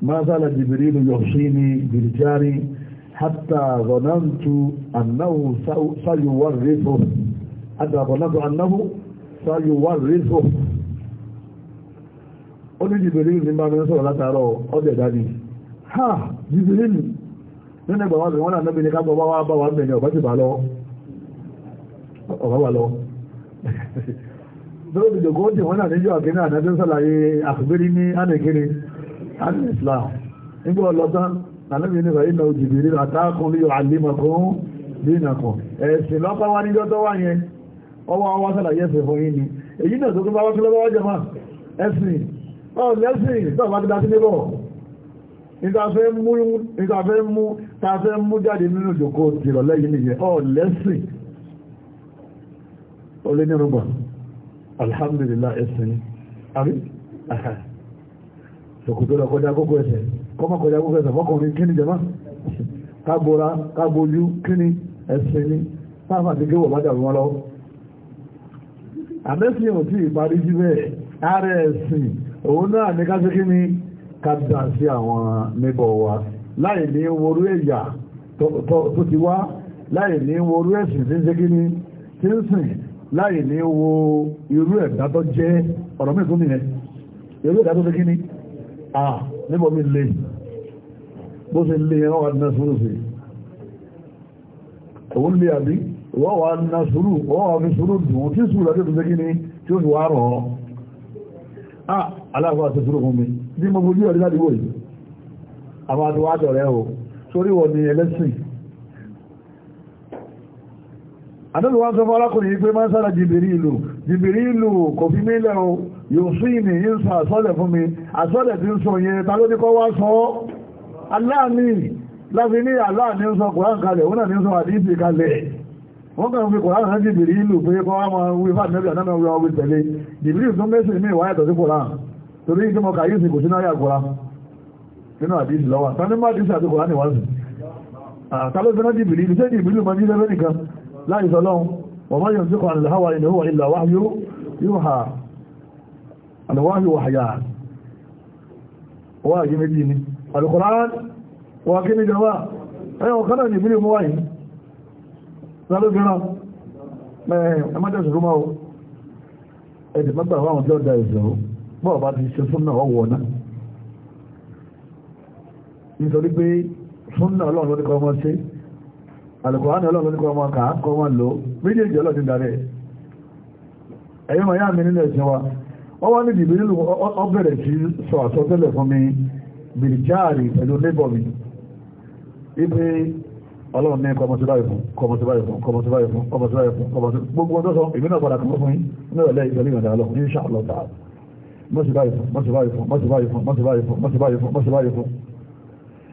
mazala jìbìrìlù yọ̀ṣíní bìrìjárí hatta zonantu annahu sayuwar rizọ hatta zonantu annahu sayuwar rizọ ó ní jìbìrìlù ní bá mi sọ̀rọ̀ látàárọ̀ ọdẹ̀ dání ha jìbìrìlù nínú ẹgbà wọn wọn ànábi ní kápọ̀ wá wá bá wà ń bẹ̀ ní ọ̀bá ti bá lọ ọ̀bá wà lọ <laughs> dúró bí jòkó tí wọ́n náà níjọ́ àkíní àdájọ́ sàlàyé àkùgbérí ní ánìkiri ánì islam nígbà ọlọ́tán nàlẹ́bí ní ìfàyè náà òjì bìrì àtàkùn lè àlímọ̀kún bí nàkùn ẹ̀sìn lọ́pàá wá níjọ́ tó wà yẹn ọwọ́ wá sàlàyé ẹ̀sìn fún yín ni èyí náà tó tún bá wá kílọ́ wá jẹma ẹ̀sìn ọ̀ lẹ́sìn tó bá ti dá sí níbọ̀ ìtafẹ́ mú tafẹ́ mú jáde nínú jòkó tìrọ̀lẹ́yìn nìyẹn ọ̀ lẹ́sìn olé nírúgbọ̀n alhamdulillah ẹ̀sìn ni àrí ṣòkòtò lọ kọjá kókó ẹsẹ̀ kọ́mọ kọjá kókó ẹsẹ̀ fọkùnrin kí ni jẹ́mọ́ kágbóra kágbójú kí ni ẹ̀sìn ni táàmà ti gé wọ̀ bájà wọn lọ. àmẹ́sìn ò tí ì parí sí bẹ́ẹ̀ ààrẹ ẹ̀sìn òun náà ní ká sí kí ni ká dá sí àwọn níbọ̀ wa láì ní worú ẹ̀yà tó ti wá láì ní worú ẹ̀sìn tí ń ṣe ni tí ń sìn láì ní wo irú ẹ̀dá tó jẹ́ ọ̀rọ̀ mìíràn tó nìyẹn irú ẹ̀dá tó fi kí ni à níbo mi lè bó ṣe lè yẹn wọ́n wà ná sùúrù sí òun lè àbí wọ́n wà ná sùúrù wọ́n wà fi sùúrù dùn tí sùúrù àti ètò ṣe tí ó fi wá rọ̀ ọ́ à aláàfáà ti sùúrù fún mi bí mo fojú ọ̀rí láti wò yìí àwọn àti wá dọ̀rẹ́ o sórí wọ̀ ni ẹlẹ́sìn àdọ́lù wọ́n sọ fọ́lákùnrin pé máa sára jìbìrìlù jìbìrìlù kò fi mílẹ̀ o yóò sí ìní ń sọ àsọ́lẹ̀ fún mi àsọ́lẹ̀ tí ń sọ yẹn ta ló ní kọ́ wá sọ aláàní láti ní aláàní ń sọ kòrán kalẹ̀ wọ́n náà ní sọ àdíjì kalẹ̀ wọ́n kàn fi kòrán rán jìbìrìlù pé kọ́ wá máa wí fà nẹ́bí àná wíwá wí tẹ̀lé jìbìrìlù tó mẹ́sìn mí wáyà tọ̀ sí ni wá sí àtàlọ́sẹ̀ náà jìbìrìlù sẹ́ láì sọlọ́un wọ́n mọ́ yóò síkọ̀ àlàáwà ilẹ̀ wà ilẹ̀ wáyú yóò ha alwáyú wà hayà wà yí méjì ni alkùnrán wà kí ní jọba ẹyọ kanáà ní ìbílẹ̀ mọ́wáyí lálógínà ẹmọ́dẹ̀sùrúmọ́ ẹ̀dì mẹ́gbà wọn jọ́ da ìṣòro bọ́ọ̀ bá pé súnnà ọlọ́run ló ní kọ́ ọmọ sí alùkùránì ọlọ́run ní kọmọ ká kọmọ lò méjèèjì ọlọ́dún darẹ̀ ẹ̀yọ́ ma yá mi nínú ẹ̀sìn wa wọ́n wá ní ìdìbò nínú ọbẹ̀rẹ̀ sí sọ àsọtẹ́lẹ̀ fún mi bìrìjáàrì pẹ̀lú lébọ̀ mi ibi ọlọ́run ní kọmọsíbáyì fún kọmọsíbáyì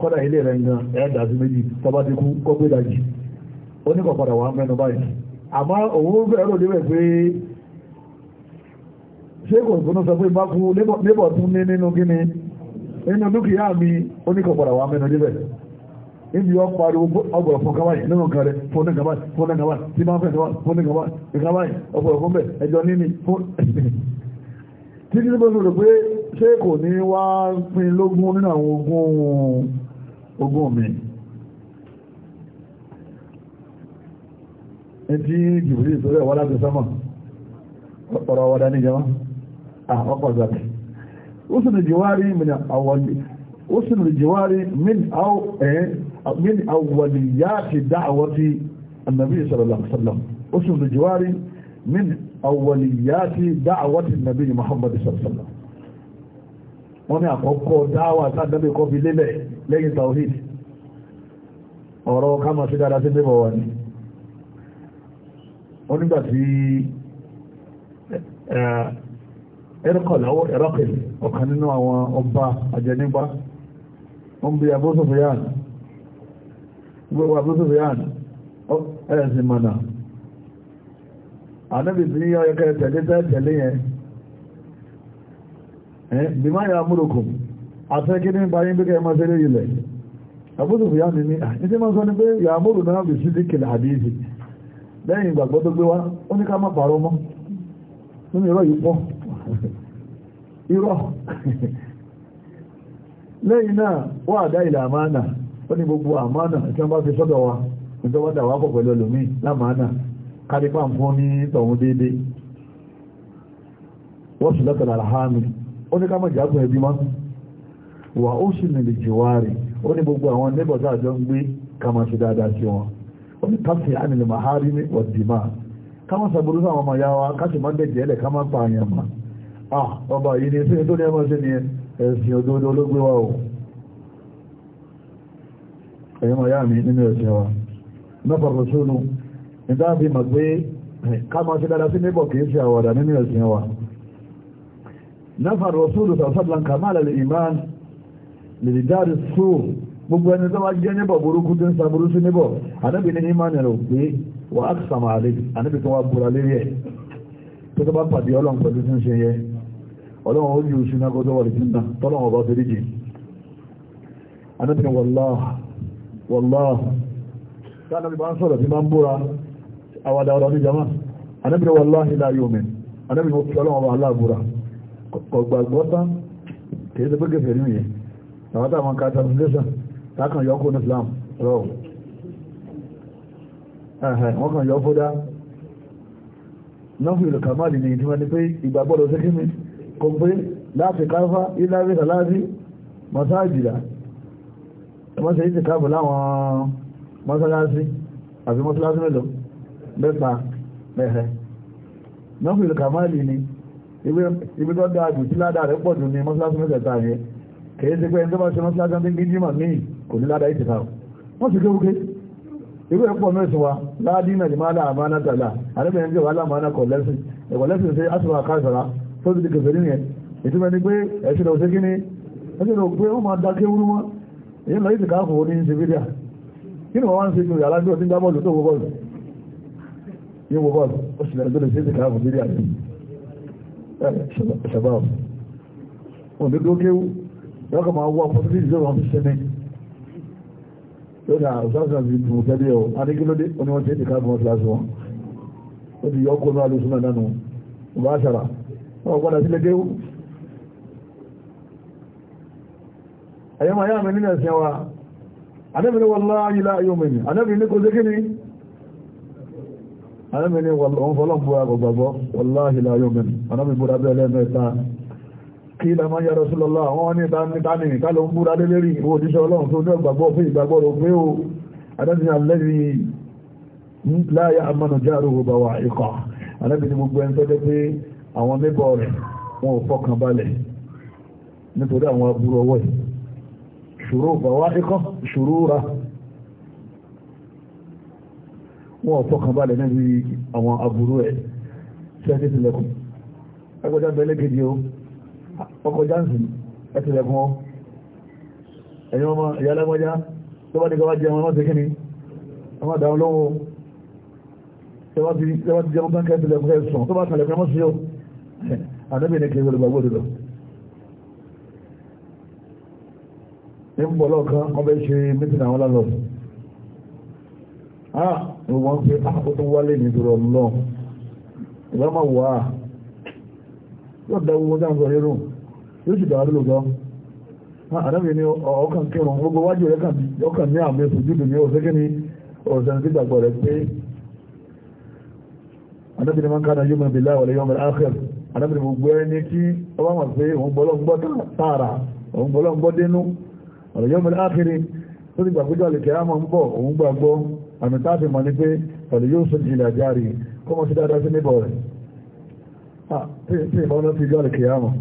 kọ́dà ilé rẹ̀ gan ẹ̀ẹ́dà sí méjì tọba ti kú kọ́gbé dàjì ó ní kọ̀padà wà mẹ́nu báyìí àmọ́ òun bẹ̀rẹ̀ òde rẹ̀ pé ṣé kò gbóná sọ pé bá kú lébọ̀ tún ní nínú kíni nínú dúkìá mi ó ní kọ̀padà wà mẹ́nu débẹ̀ níbi wọ́n pariwo ọgbọ̀rọ̀ fún kaba yìí nínú nǹkan rẹ̀ fún ní kaba fún ní kaba tí máa ń fẹ́ fún ní kaba ìkaba ọgbọ̀rọ̀ fún bẹ̀ ẹjọ́ níní fún <laughs> títí tí mo rò pé ṣé kò ní wá pín lógún nínú àwọn ogún ogún mi ẹtí jìbìlì ìtòrẹ wọ́n láti sọ́mọ̀ ọ̀rọ̀ ọ̀dá ní jẹmọ́ ọ̀pọ̀ zàbẹ̀ usùn ìjìwárí min àwọ̀lì usùn ìjìwárí min àwọ̀lì yá ti dáàwọ́ ti annabi sallallahu alaihi wasallam usùn ìjìwárí min àwọ̀lì yá ti dáàwọ́ ti annabi muhammad sallallahu alaihi wasallam wọ́n ni àkọ́kọ́ dáwà sáà lẹ́yìn tawhid ọ̀rọ̀ kama sí dára sí bíbọ̀ wà ní wọ́n nígbà tí ẹ̀rọ̀kọ̀láwọ́ ẹ̀rọ̀kẹ̀lì ọ̀kan nínú àwọn ọba àjẹnígbá wọ́n bí abúsùfìyàn gbogbo abúsùfìyàn ẹ̀ẹ̀sìn mọ̀nà ànábì tí ọyọ́kẹ́ tẹ̀lé tẹ́lé yẹn bí máa yà múrùkùn àtẹ́kí ní báyín bí kẹ́ẹ̀mọ́ sí lórí ilẹ̀ lẹ́yìn na náà wọ́n àdá ilẹ̀ àmánà ó ní gbogbo àmánà tí wọ́n bá fi sọ́dọ̀ wa nítorí wọ́n pọ̀ pẹ̀lú ẹlòmíì lámánà kárípà fún ní tọ̀hún déédéé wọ́n sì lọ́tọ̀ làlámì ó ní ká wà ó sì nílè jùwárì ó ní gbogbo àwọn neighbors àjọ ń gbé ká máa ṣe dáadáa sí wọn ó ní káfí ánìlè mahari ní ọ̀dìmá káwọn sàbúrú sáwọn ọmọ yáwa káṣì máa dẹ̀jẹ̀ ẹlẹ̀ ká pa àyàn mà ah ọba yìí ni sẹ́yìn tó ní ẹmọ́ sí ni ẹ̀sìn òdodo ológbé wa o ẹ̀yìn mọ̀ yá mi nínú ẹ̀sìn wa mẹ́fà rọ̀ṣọ́nù ìdáàbí mà gbé ká máa dáadáa sí neighbor kì í ṣe àwàdà nínú ẹ̀sìn wa mẹ́fà rọ̀ṣọ́nù sàṣàblan kàmáàlì ìmáàlì lèdè dáàrí sóò gbogbo ẹni tó wá jẹ́ níbọ̀ burúkú tó ń sa burú sí níbọ̀ anábì ní ìmọ̀ nìyẹn pé wà á sàmà àlè anábì tó wá búra lérí ẹ̀ tó tó bá pàdé ọlọ́run pẹ̀lú tó ń ṣe yẹ ọlọ́run ó yí oṣù náà kó tó wà lè tún náà tọ́lọ́run ọba fèrè jì anábì ní wàláà wàláà tí anábì bá ń sọ̀rọ̀ tí máa ń búra àwàdà ọ̀rọ̀ ní anábì ní wàláà ilá yóò anábì ní ó fi ọlọ́run ọba aláàbúra kọ̀gbàgbọ́ta kì í ṣe pé kẹfẹ́ rí àwọn táwọn ká translation lákàn yọ kún Islam rọ wọ́n kàn yọ fódá náà fìlù kàmáàlì ní ìdíwọ́n ni pé ìgbàgbọ́dọ̀ sí kí mi kò pé láti káfá ìlàrí kàláàrí masáàjìlá ẹmọ́sẹ̀ yìí ti káàbù láwọn mọ́sálásí àbí mọ́sálásí mẹ́lọ mẹ́pa mẹ́hẹ́ náà fìlù kàmáàlì ni ibi tó dáa jù tí ládàá rẹ̀ pọ̀ jù ní mọ́sálásí mẹ́tẹ̀ẹ̀ta yẹn kèé ṣe pé ẹni tó bá ṣe mọ́síláṣí ọdún ní jímọ̀ míì kò ní ládàá ìtìfà wọ́n sì ké wúké irú ẹ̀pọ̀ náà sọ wa láàdí náà lèmọ́ àlà àmà náà tàlà àrẹ́bìnrin jẹ́ wà láàmà náà kọ̀lẹ́sìn ẹ̀kọ̀lẹ́sìn ṣe àṣọ àkàṣọ̀rá tó ti di kẹfẹ́ nìyẹn ìtumẹ̀ ni pé ẹ̀ṣin lọ sí kí ni ẹ̀ṣin lọ pé wọ́n máa da kí wúrú wọn èyí lọ ìtìká fún òní ṣe fídíà kí ni wọ́n wá ń ṣe ìgbìyànjú alájọ́ tí ń gbá bọ́ọ̀lù tó wọ bọ́ọ̀lù yóò wọ bọ́ọ̀lù ó sì lẹ́nu tó lè ṣe ìtìká fún fídíà ṣàbáwò òní dókéwú wọ́n kọ̀ máa wọ́ opportunity tó wọ́n fi ṣe ní lónà ọ̀sán ti dùn fẹ́ bí ọ̀ adékélódé oní wọ́n ti ẹ̀dẹ̀ká fún ọ̀sán wọn ó ti yọ ọkọ̀ náà lóṣù náà dánú ọba àṣàrà wọ́n padà sílẹ̀ déwú ẹ̀yọ́ máa yá mi nínú ẹ̀sìn wa anábìnrin wọn láàá yìí kí ìlàmọ́ ya Rasulullah wọ́n ní ìtàní ìtàlọ ń búra lélérí ìwò òjíṣẹ́ ọlọ́run tó ní ọgbàgbọ́ fún ìgbàgbọ́ rò pé o adájúyà lẹ́rí láyá àmànà jáàrù ọba wà ikọ̀ alẹ́bìnrin gbogbo ẹni tó jẹ́ pé àwọn lébọ̀ ọkọ̀ jáǹsì ẹ̀tìlẹ̀kùn ọ ẹ̀yìn ọmọ ìyá alágbọ́já tó bá dìgbà wá jẹun ọmọ ti kíni ọmọ dáun lọ́wọ́ tẹwà ti jẹun tán kẹ́tìlẹ̀kùn ẹ̀sùn tó bá tẹ̀lẹ̀kùn ọmọ sí ó àdẹ́bì ní kí olùgbàgbọ́ òdòdó ní ń bọ̀ lọ́ọ̀kan wọ́n fẹ́ ṣe mítìn àwọn lálọ́ọ̀dù ah wọ́n fi àkótó wálé nítorí ọlọ́ọ̀ ìbámu wà á ah, yóò dáwọ́ dáhùn sọ rírùn yóò sì dàrú lòdọ́ àdámi ni ọkàn kírun gbogbo wájú rẹ̀ ọkàn ní àmì ìfojú dùn ní òṣèké ni òṣèké gbàgbọ́ rẹ̀ pé àdámi ni máa ń ká náà yóò mọ̀ bí láwọlé yóò mọ̀ áhẹ́r àdámi ni gbogbo ẹni tí ó bá mọ̀ pé òun gbọ́lọ́ ń gbọ́ tààrà òun gbọ́lọ́ ń gbọ́ dénú ọ̀rọ̀ yóò mọ̀ áhẹ́r tó ti gbàgbé jọ́lẹ̀ kẹ́ àmọ́ ń bọ̀ òun gbàgbọ́ àmì táàfi mọ̀ ní pé ọ̀lẹ̀ yóò sọ ìlà járe kọ́mọ́ sí dáadáa sí níbọ̀ rẹ̀ tí ìbọn náà fi jọ́lẹ̀ kẹ́ àmọ́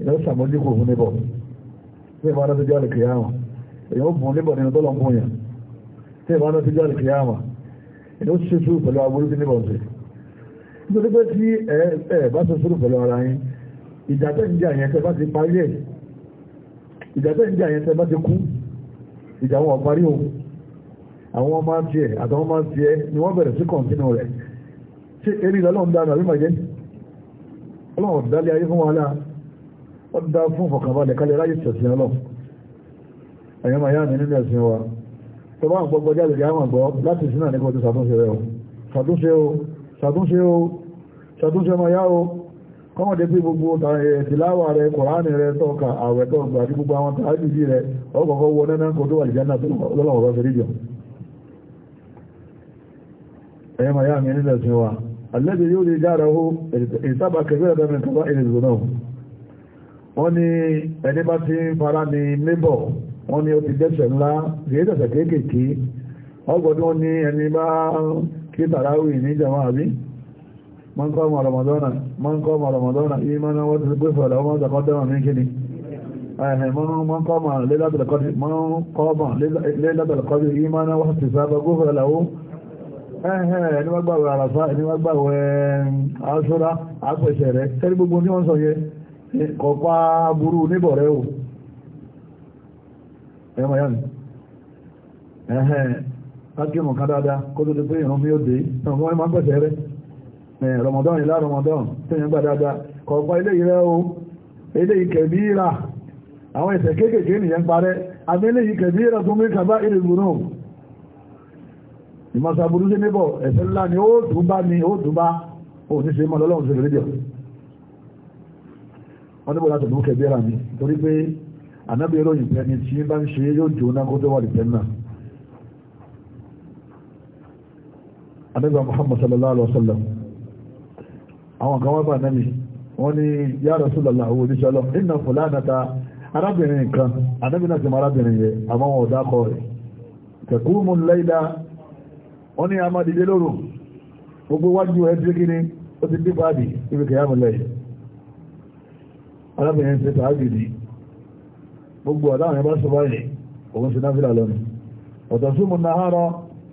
ìyẹn ó sàmójúkò fún níbọ̀ tí ìbá náà ti jẹ́ àlùkìyàmà èyàn ó bùn níbọ̀ nínú tọ́lọ̀ ń bùn yàn tí ìbá náà ti jẹ́ àlùkìyàmà ìyẹn ó ṣe sùúrù pẹ̀lú aburú sí níbọ̀ sí nítorí pé tí ẹ bá ṣe sùúrù pẹ̀lú ara yín ìjà tẹ́ ń jà yẹn tẹ́ bá ti parí ẹ̀ ìjà tẹ́ ń jà yẹn kú ìjà wọn parí àwọn ọmọ ti ẹ̀ àtàwọn ọmọ ti ẹ̀ ni wọ́n bẹ̀rẹ̀ sí kọ̀ǹtínú rẹ̀ ṣé eré ìlọ́lọ́ ó dá fún fọ̀kànbalẹ̀ kálẹ̀ ráyè tẹ̀sìn ọlọ́ ẹ̀yàn máa yá mi nínú ẹ̀sìn wa tó bá ń gbọ́ gbọ́ jáde jáwọn gbọ́ láti sínú àníkọ́ tó ṣàtúnṣe rẹ̀ o ṣàtúnṣe o ṣàtúnṣe o ṣàtúnṣe ọmọ yá o kọ́mọ̀ dé pé gbogbo tìláwà rẹ̀ kọ̀ránì rẹ̀ tọ́ka àwẹ̀ tó gbà ní gbogbo àwọn tàbí rẹ̀ ọkọ̀kọ́ wọ nẹ́nà kò tó wà lè jẹ́nà lọ́lọ́wọ́ bá fẹ́rí jọ ẹ̀yẹ́ ma yá mi nílẹ̀ sí wa alẹ́bí yóò lè jára ó ìsábà kẹfẹ́ ẹ̀dẹ́mẹ́ta bá ìrìnlẹ̀ náà wọ́n ní ẹni bá ti fara ní níbọ̀ wọ́n ní ó ti dẹ́sẹ̀ ńlá kìí tẹ̀sẹ̀ kéékèèké ọgbọ̀dún wọ́n ní ẹni bá kí tàràwì ní jama àbí mọ́nkọ́ ọmọ Ramadana yìí máa náwọ́ ti gbé fọ̀lá ọmọ ọ̀dọ̀kọ́ dẹ́wọ̀n ní kíni mọ́nkọ́ ọmọ lélátàlẹ́kọ́dì yìí máa náwọ́ ti sábà gbé fọ̀lá ẹni wọ́n gbàwẹ̀ àràfá ẹni wọ́n gbàwẹ̀ um, àṣúra àpẹ̀ṣẹ̀ rẹ̀ tẹ́lẹ̀ gbogbo ní wọ́n sọ yẹ kọ̀pá burú níbọ̀ rẹ̀ o ẹmọ yá mi ẹ̀hẹ́n kákíọ̀mù ká dáadáa kó tó ti pé ìrun mi ó dé ọmọ ẹ̀ máa ń pẹ̀sẹ̀ rẹ̀ rọmọdán ìlà rọmọdán tó yẹn gbà dáadáa kọ̀ọ̀pọ̀ ilé ìrẹ́ o ilé ìkẹ̀bíra àwọn ìṣẹ̀ kéékèèké nìyẹn parẹ́ àmì ilé ìkẹ̀bíra tó mú kàbá ìrìnbùnú ìmọ̀sàbùrú sí níbọ̀ ẹ̀ṣẹ̀ ńlá ni ó tún bá ni ó tún bá òun ní ṣe mọ́ lọ́lọ́run sí rédíò wọ́n níbo láti lókè bí ra mi torí pé ànábì ìròyìn tẹni tí bá ń ṣe yóò jò kó tó wà lè tẹ́ náà Muhammad sallallahu alaihi wasallam àwọn kan wá bá ànábì wọ́n ní ya Rasulullah àwọn oníṣẹ́lọ inna fulanata arábìnrin kan ànábì náà ti mọ arábìnrin yẹ àmọ́ wọn ò dákọ rẹ̀ tẹ̀kúrùmù lẹ́ìdá wọ́n ní a máa dìde lóru gbogbo wájú ẹ̀ tí ó ti dípàdì ibi kìyàmù lẹ́yìn arábìnrin ṣe tààgìdì gbogbo ọ̀dáwọn ẹbá sọ báyìí òun ṣe náfílà lọ́nà ọ̀tọ̀ súnmù náhárọ̀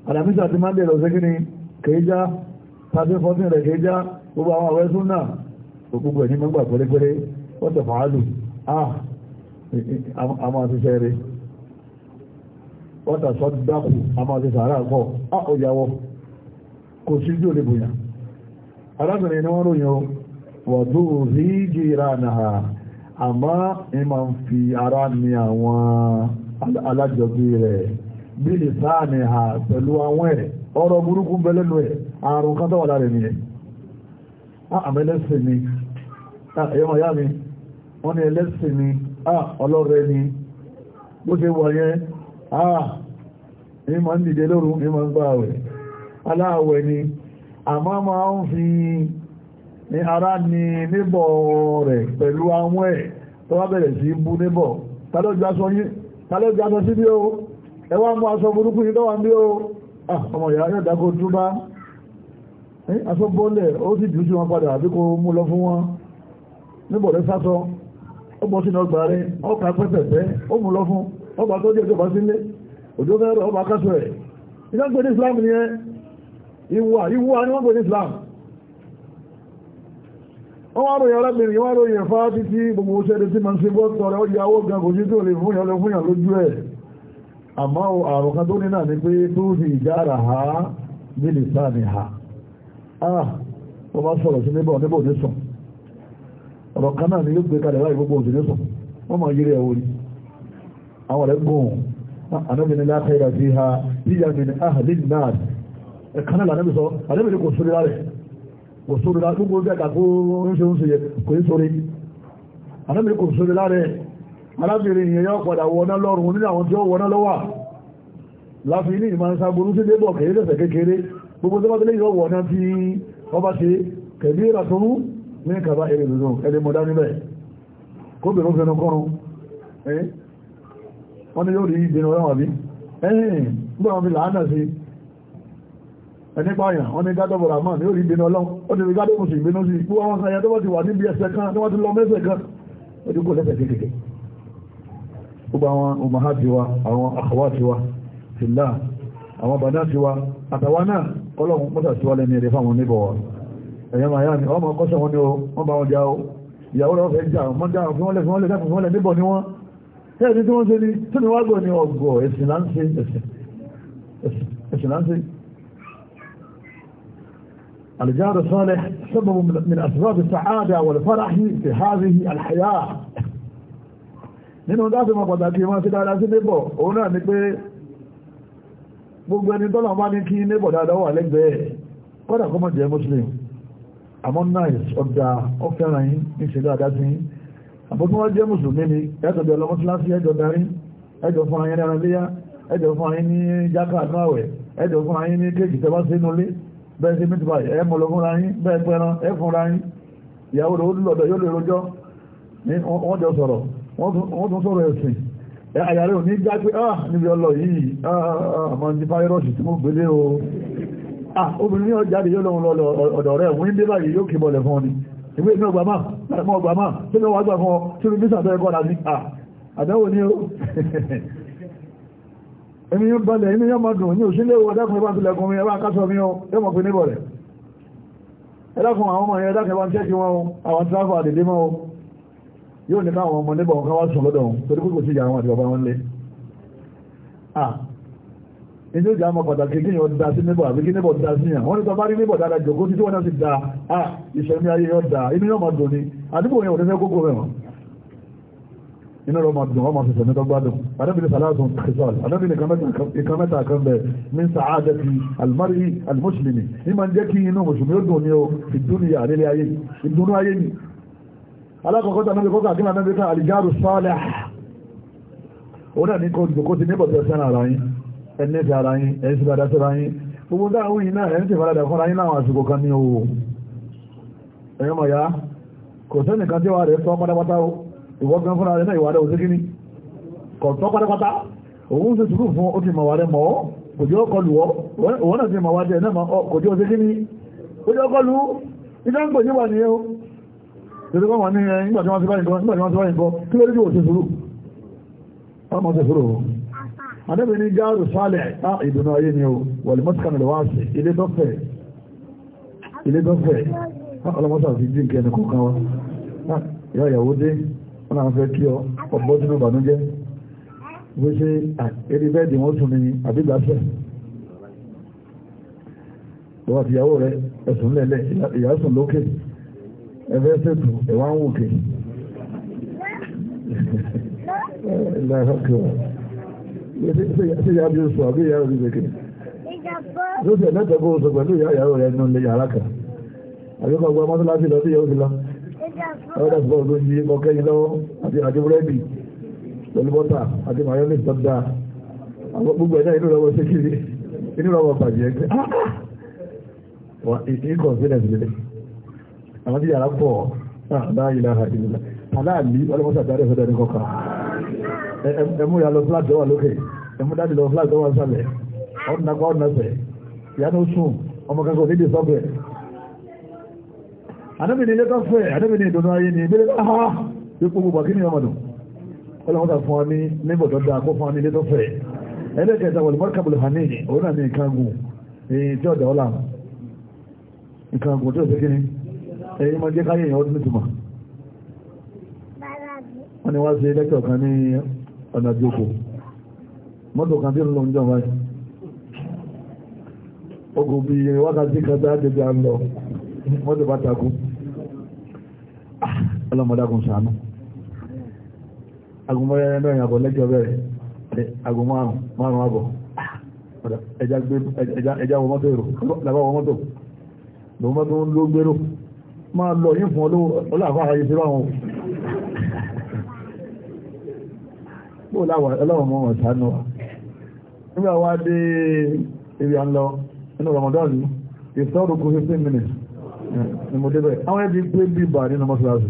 alamisa ti máa ń dèrò sí kíni kèéjá tàbí rẹ̀ kèéjá gbogbo àwọn gbogbo mẹ́gbà fàálù ah, sọ dákù pọ̀ á ah, ò kò sí jù lè arábìnrin ni wọ́n ròyìn náà àmọ́ ní ma ń fi ara ní àwọn alájọbí rẹ̀ bí lè sáà ní ha pẹ̀lú àwọn ẹ̀ ọ̀rọ̀ burúkú bẹ́lẹ́nu ẹ̀ àrùn kan tọ́wà lára ẹ̀mí ẹ̀ ah, àmẹ́lẹ́sìn ni ah, ẹ̀yọ́mọ̀ yá mi wọ́n ni ẹlẹ́sìn ni ah, ọlọ́rẹ́ ni bó ṣe wọ̀ yẹn àà ní ń dìde lóru ní ń gbà ní ara ni níbọ̀ rẹ̀ pẹ̀lú àwọn ẹ̀ tó wá bẹ̀rẹ̀ sí bú níbọ̀ tàlójú aṣọ sí bí ó ẹwà mú aṣọ burúkú yìí lọ́wà bí ó ọmọ ìyá yóò dákó túbá aṣọ bọ́lẹ̀ ó sì jù sí wọn padà àbí kó mú lọ fún wọn níbọ̀ rẹ̀ sásọ ó bọ́ sínú ọgbà rẹ̀ ọkà pẹ́pẹ̀pẹ́ ó mú wọ́n wá ròyìn arábìnrin wá ya ẹ̀fá títí gbogbo oṣẹ́dẹ̀ ti ma ṣe bọ́tọ̀ rẹ̀ ọjà owó gan kò sí tó lè fún fún lójú àrùn ni pé tó fi ìjà ara ha ní lè ha ah wọ́n bá sọ̀rọ̀ sí níbọ̀ níbọ̀ ní ọ̀rọ̀ kan náà ni yóò gbé kalẹ̀ láì gbogbo òsì ní wọ́n máa ni àwọn rẹ̀ gùn ha mi náà ẹ̀kan náà sọ kò sóri lára gbogbo bí àgbà kó ń ṣe ń ṣe yẹ kò ń sóri arábìnrin kò sóri lára arábìnrin yẹn yọ padà wọná lọ́rùn nínú àwọn tí ó wọná lọ́wà láfi ní ìmọ̀ ìsagbórú sí débọ̀ kèrè lẹ́sẹ̀ kékeré gbogbo tó bá tẹ́lẹ̀ yọ wọná tí ọba ṣe kẹ̀lé ìràtọ́rú ní kàbá èrè lùdùn ẹni mọ̀dá níbẹ̀ kó bèrè fẹ́nu kọrùn wọ́n ni yóò rí ìdènà ọ̀rọ̀ àbí ẹ̀yìn gbọ́n fi làánà sí ẹni pààyàn wọ́n ní gádọ́bọ̀ ràmọ́ ní orí ìbínú ọlọ́run ó ti rí gádọ́bọ̀ sí ìbínú sí ìpú àwọn sanyẹ tó wọ́n ti wà níbi ẹsẹ̀ kan tó wọ́n ti lọ mẹ́sẹ̀ kan ó ti kó lẹ́sẹ̀ kékeré gbogbo àwọn ọmọha ti wa àwọn àkọwà ti wa tìlá àwọn bàdá ti wa àtàwà náà ọlọ́run mọ́sà ti wá lẹ́ni ẹ̀rẹ́ fáwọn oníbọ̀ wa ẹ̀yẹ́ màá yá ni ọmọ kọ́sọ̀ wọn ni ó wọ́n bá wọn já o ìyàwó rẹ̀ fẹ́ jà wọ́n já fún wọn lẹ̀ fún wọn lẹ̀ fún wọn lẹ̀ níbọ̀ ni wọ́n tẹ́ẹ̀ ni tí wọ́n ṣe ni tí ni wọ́n gbọ́ ni ọgọ̀ ẹ̀sìn láńṣe ẹ̀sìn láńṣe الجار الصالح سبب من أسباب السعادة والفرح في هذه الحياة nínú dáàbì ma pàtàkì ma ti dáadáa sí nébọ̀ òun náà ni pé gbogbo ẹni tọ́lọ̀ bá ní kí nébọ̀ dáadáa wà lẹ́gbẹ̀ẹ́ kọ́dà kọ́ mọ̀ jẹ́ muslim àmọ́ náà ọ̀dà ọ̀fẹ́ràn yìí ní ṣe dáadáa sí àbúkọ́ wọ́n jẹ́ mùsùlùmí ni ẹjọ́ bí ọlọ́mọ síláṣí ẹjọ́ darí ẹjọ́ fún ayé ní ẹran léyà ẹjọ́ fún ayé ní jákà náà wẹ̀ ẹjọ́ fún ayé ní kéèkì tẹ́bá sínú lé bẹ́ẹ̀ sí mítìbà ẹ mọ̀ lọ fúnra yín bẹ́ẹ̀ pẹran ẹ fúnra yín ìyàwó rẹ̀ ó lọ́dọ̀ yóò lè rojọ́ ní wọ́n jọ sọ̀rọ̀ wọ́n tún sọ̀rọ̀ ẹ̀sìn àyà rẹ̀ ò ní já pé ah níbi ọlọ yìí ah, ah, ah, àmọ́ ní fáírọ́ọ̀sì tí mo gbélé o ah obìnrin ní ọjáde yóò lọ́wọ́ ọ̀dọ̀ rẹ̀ wọ́n dé báyìí yóò kí bọ̀lẹ̀ fún ni ìwé <laughs> ẹni yóò balẹ̀ inú yóò mọ́dún ní òṣìlẹ̀ owó ẹ̀dàkùn ẹbá tilẹ̀kùn mi ẹbá kásọ̀ mi ó yóò mọ̀ pé níbọ̀ rẹ̀ ẹ̀dàkùn àwọn ọmọ yẹn ẹ̀dàkùn ẹbá ń tẹ́kì wọn àwọn tíráfà àdìdí mọ́ yóò ní káwọn ọmọ níbọ̀ wọn wá sùn lọ́dọ̀ wọn torí kò sí ìyá àwọn àti bàbá wọn lé inú ìjà ọmọ pàtàkì kí yóò da sí níbọ̀ àbí kí níbọ̀ da sí yàn wọ́n ní tọ́ bá rí níbọ̀ dáadáa jòkó títí wọ́n náà ti da ìṣẹ̀mí ayé yóò da inú yóò mọ̀ dùn ni àdúgbò yẹn ò ní fẹ́ kókó rẹ̀ wọ́n iná rọ máa dùn ọmọ fẹsẹ̀ mẹ́ta gbádùn anábìnrin sàlátùn kìsàl anábìnrin kan mẹ́ta kan bẹ̀ ní sàádẹ́ ti alimari alimusulmi ní máa ń jẹ́ kí inú mùsùlùmí ó dùn ní o ìdúnnì àrílẹ̀ ayé ìdúnnú ayé ni alákọ̀ọ́kọ́ tàbí anábìnrin kọ́kà kílà anábìnrin kan alijaru sọ́ọ̀lẹ̀ òun náà ní kó dùn kó ti níbọ̀ ya kò sẹ́nìkan tí wàá rẹ̀ sọ pátápátá o ìwọ́gbọ́n fúnra rẹ̀ náà ìwà rẹ̀ òsì kíní kọ̀tọ́ pátápátá òun ṣe sùúrù fún ó ti mọ̀ wà rẹ̀ mọ́ kò jẹ́ ọkọlù ọ́ òun náà ti mọ̀ wà jẹ́ náà kò jẹ́ òsì kíní ó jẹ́ ọkọlù iná ń gbòjì wà ní ẹ́ o tètè wọ́n wà ní ẹ̀ nígbà tí wọ́n ti báyìí nǹkan nígbà tí wọ́n ti báyìí nǹkan kí ló dé òsì sùúrù wọ́n mọ̀ ṣe sùúrù o àdébì ní gáàrù sálẹ̀ á ìdùnnú ayé ni o wọ̀lì mọ́síkànnì lọ́wọ́ àṣì ilé tọ́fẹ̀ ilé tọ́fẹ̀ ọlọ́mọ́sà fi dín kẹ́ni kọ̀ọ̀kan wa yọ wọ́n náà fẹ́ kí ọ ọ̀bọ́ sínú ìbànújẹ́ wọ́n ṣe eré bẹ́ẹ̀dì wọ́n sùn ní àbígbàṣẹ́ wọ́n àti ìyàwó rẹ̀ ẹ̀sùn lẹ́lẹ̀ ìyá sùn lókè ẹ̀fẹ́ ṣètò ẹ̀wà ń wòkè ṣe ìyá bí oṣù àbí ìyá orí gbèkè lóṣù ẹ̀lẹ́tẹ̀gbọ́ oṣù pẹ̀lú ìyá ìyàwó rẹ̀ nínú ilé yàrá kan àbíkọ̀ gbọ́ mọ́tò láti lọ ọ̀rọ̀ ìgbọ́ ọdún ní ọkẹ́ yìí lọ́wọ́ àti àti búrẹ́dì pẹ̀lú bọ́tà àti mayọ́nì tó dáa àwọn gbogbo ẹ̀dá inú lọ́wọ́ sí kiri inú lọ́wọ́ bàjẹ́ ẹgbẹ́ wà inconfidence lè àwọn tí yàrá pọ̀ láàyè láha ìlúlá aláàlí ọlọ́mọsà tí a rẹ̀ fẹ́dẹ̀ ní kọkà ẹmú ya lọ flag dọ́wà lókè ẹmú dáàdì lọ flag dọ́wà sálẹ̀ ọ̀nà kọ́ ọ̀nà sẹ̀ yánú sùn ọmọ kankan nídìí sọ́bẹ̀ ànábì ní ilé tó fẹ́ ànábì ní ìdùnnú ayé ní ìbílẹ̀ ahá ipò gbogbo kí ni ọmọ dùn ọlọ́wọ́ta fún wa ní níbọ̀ tó dáa kó fún wa ní ilé tó fẹ́ ẹlẹ́kẹta wọ̀lú mọ́kàbùlù hàní òun náà ní ìkangun èyí tí ọ̀dọ̀ ọ̀la ìkangun tí ó ṣe kí ni èyí mọ́ jẹ́ káyé ìyàn ọdún nítumọ̀ wọ́n ni wá sí lẹ́kọ̀ọ́ kan ní ọ̀nà ìjókò mọ́tò kan tí ń lọ ń jọ wáyé ogun bíi wákàtí a jẹjẹ à ń lọ mọ́tò bá takú ọlọ́mọdágún sàánú agunmọ́rẹ́rẹ́ mẹ́rin àbọ̀ lẹ́jọ́ bẹ̀rẹ̀ agun márùn-ún àbọ̀ ẹjá wọ mọ́tò èrò làbá wọ mọ́tò lọ mọ́tò ló gbérò máa lọ yí fún ọlọ́àfáà ayé síra wọn bó láwọn mọ́ sàánú wa nígbà wá dé ibi à ń lọ nínú Ramadan yìí ìfẹ́ òrùkú 15 minutes eh, ni mo débẹ̀ àwọn ẹbí pé bíbà nínú mọ́sálásí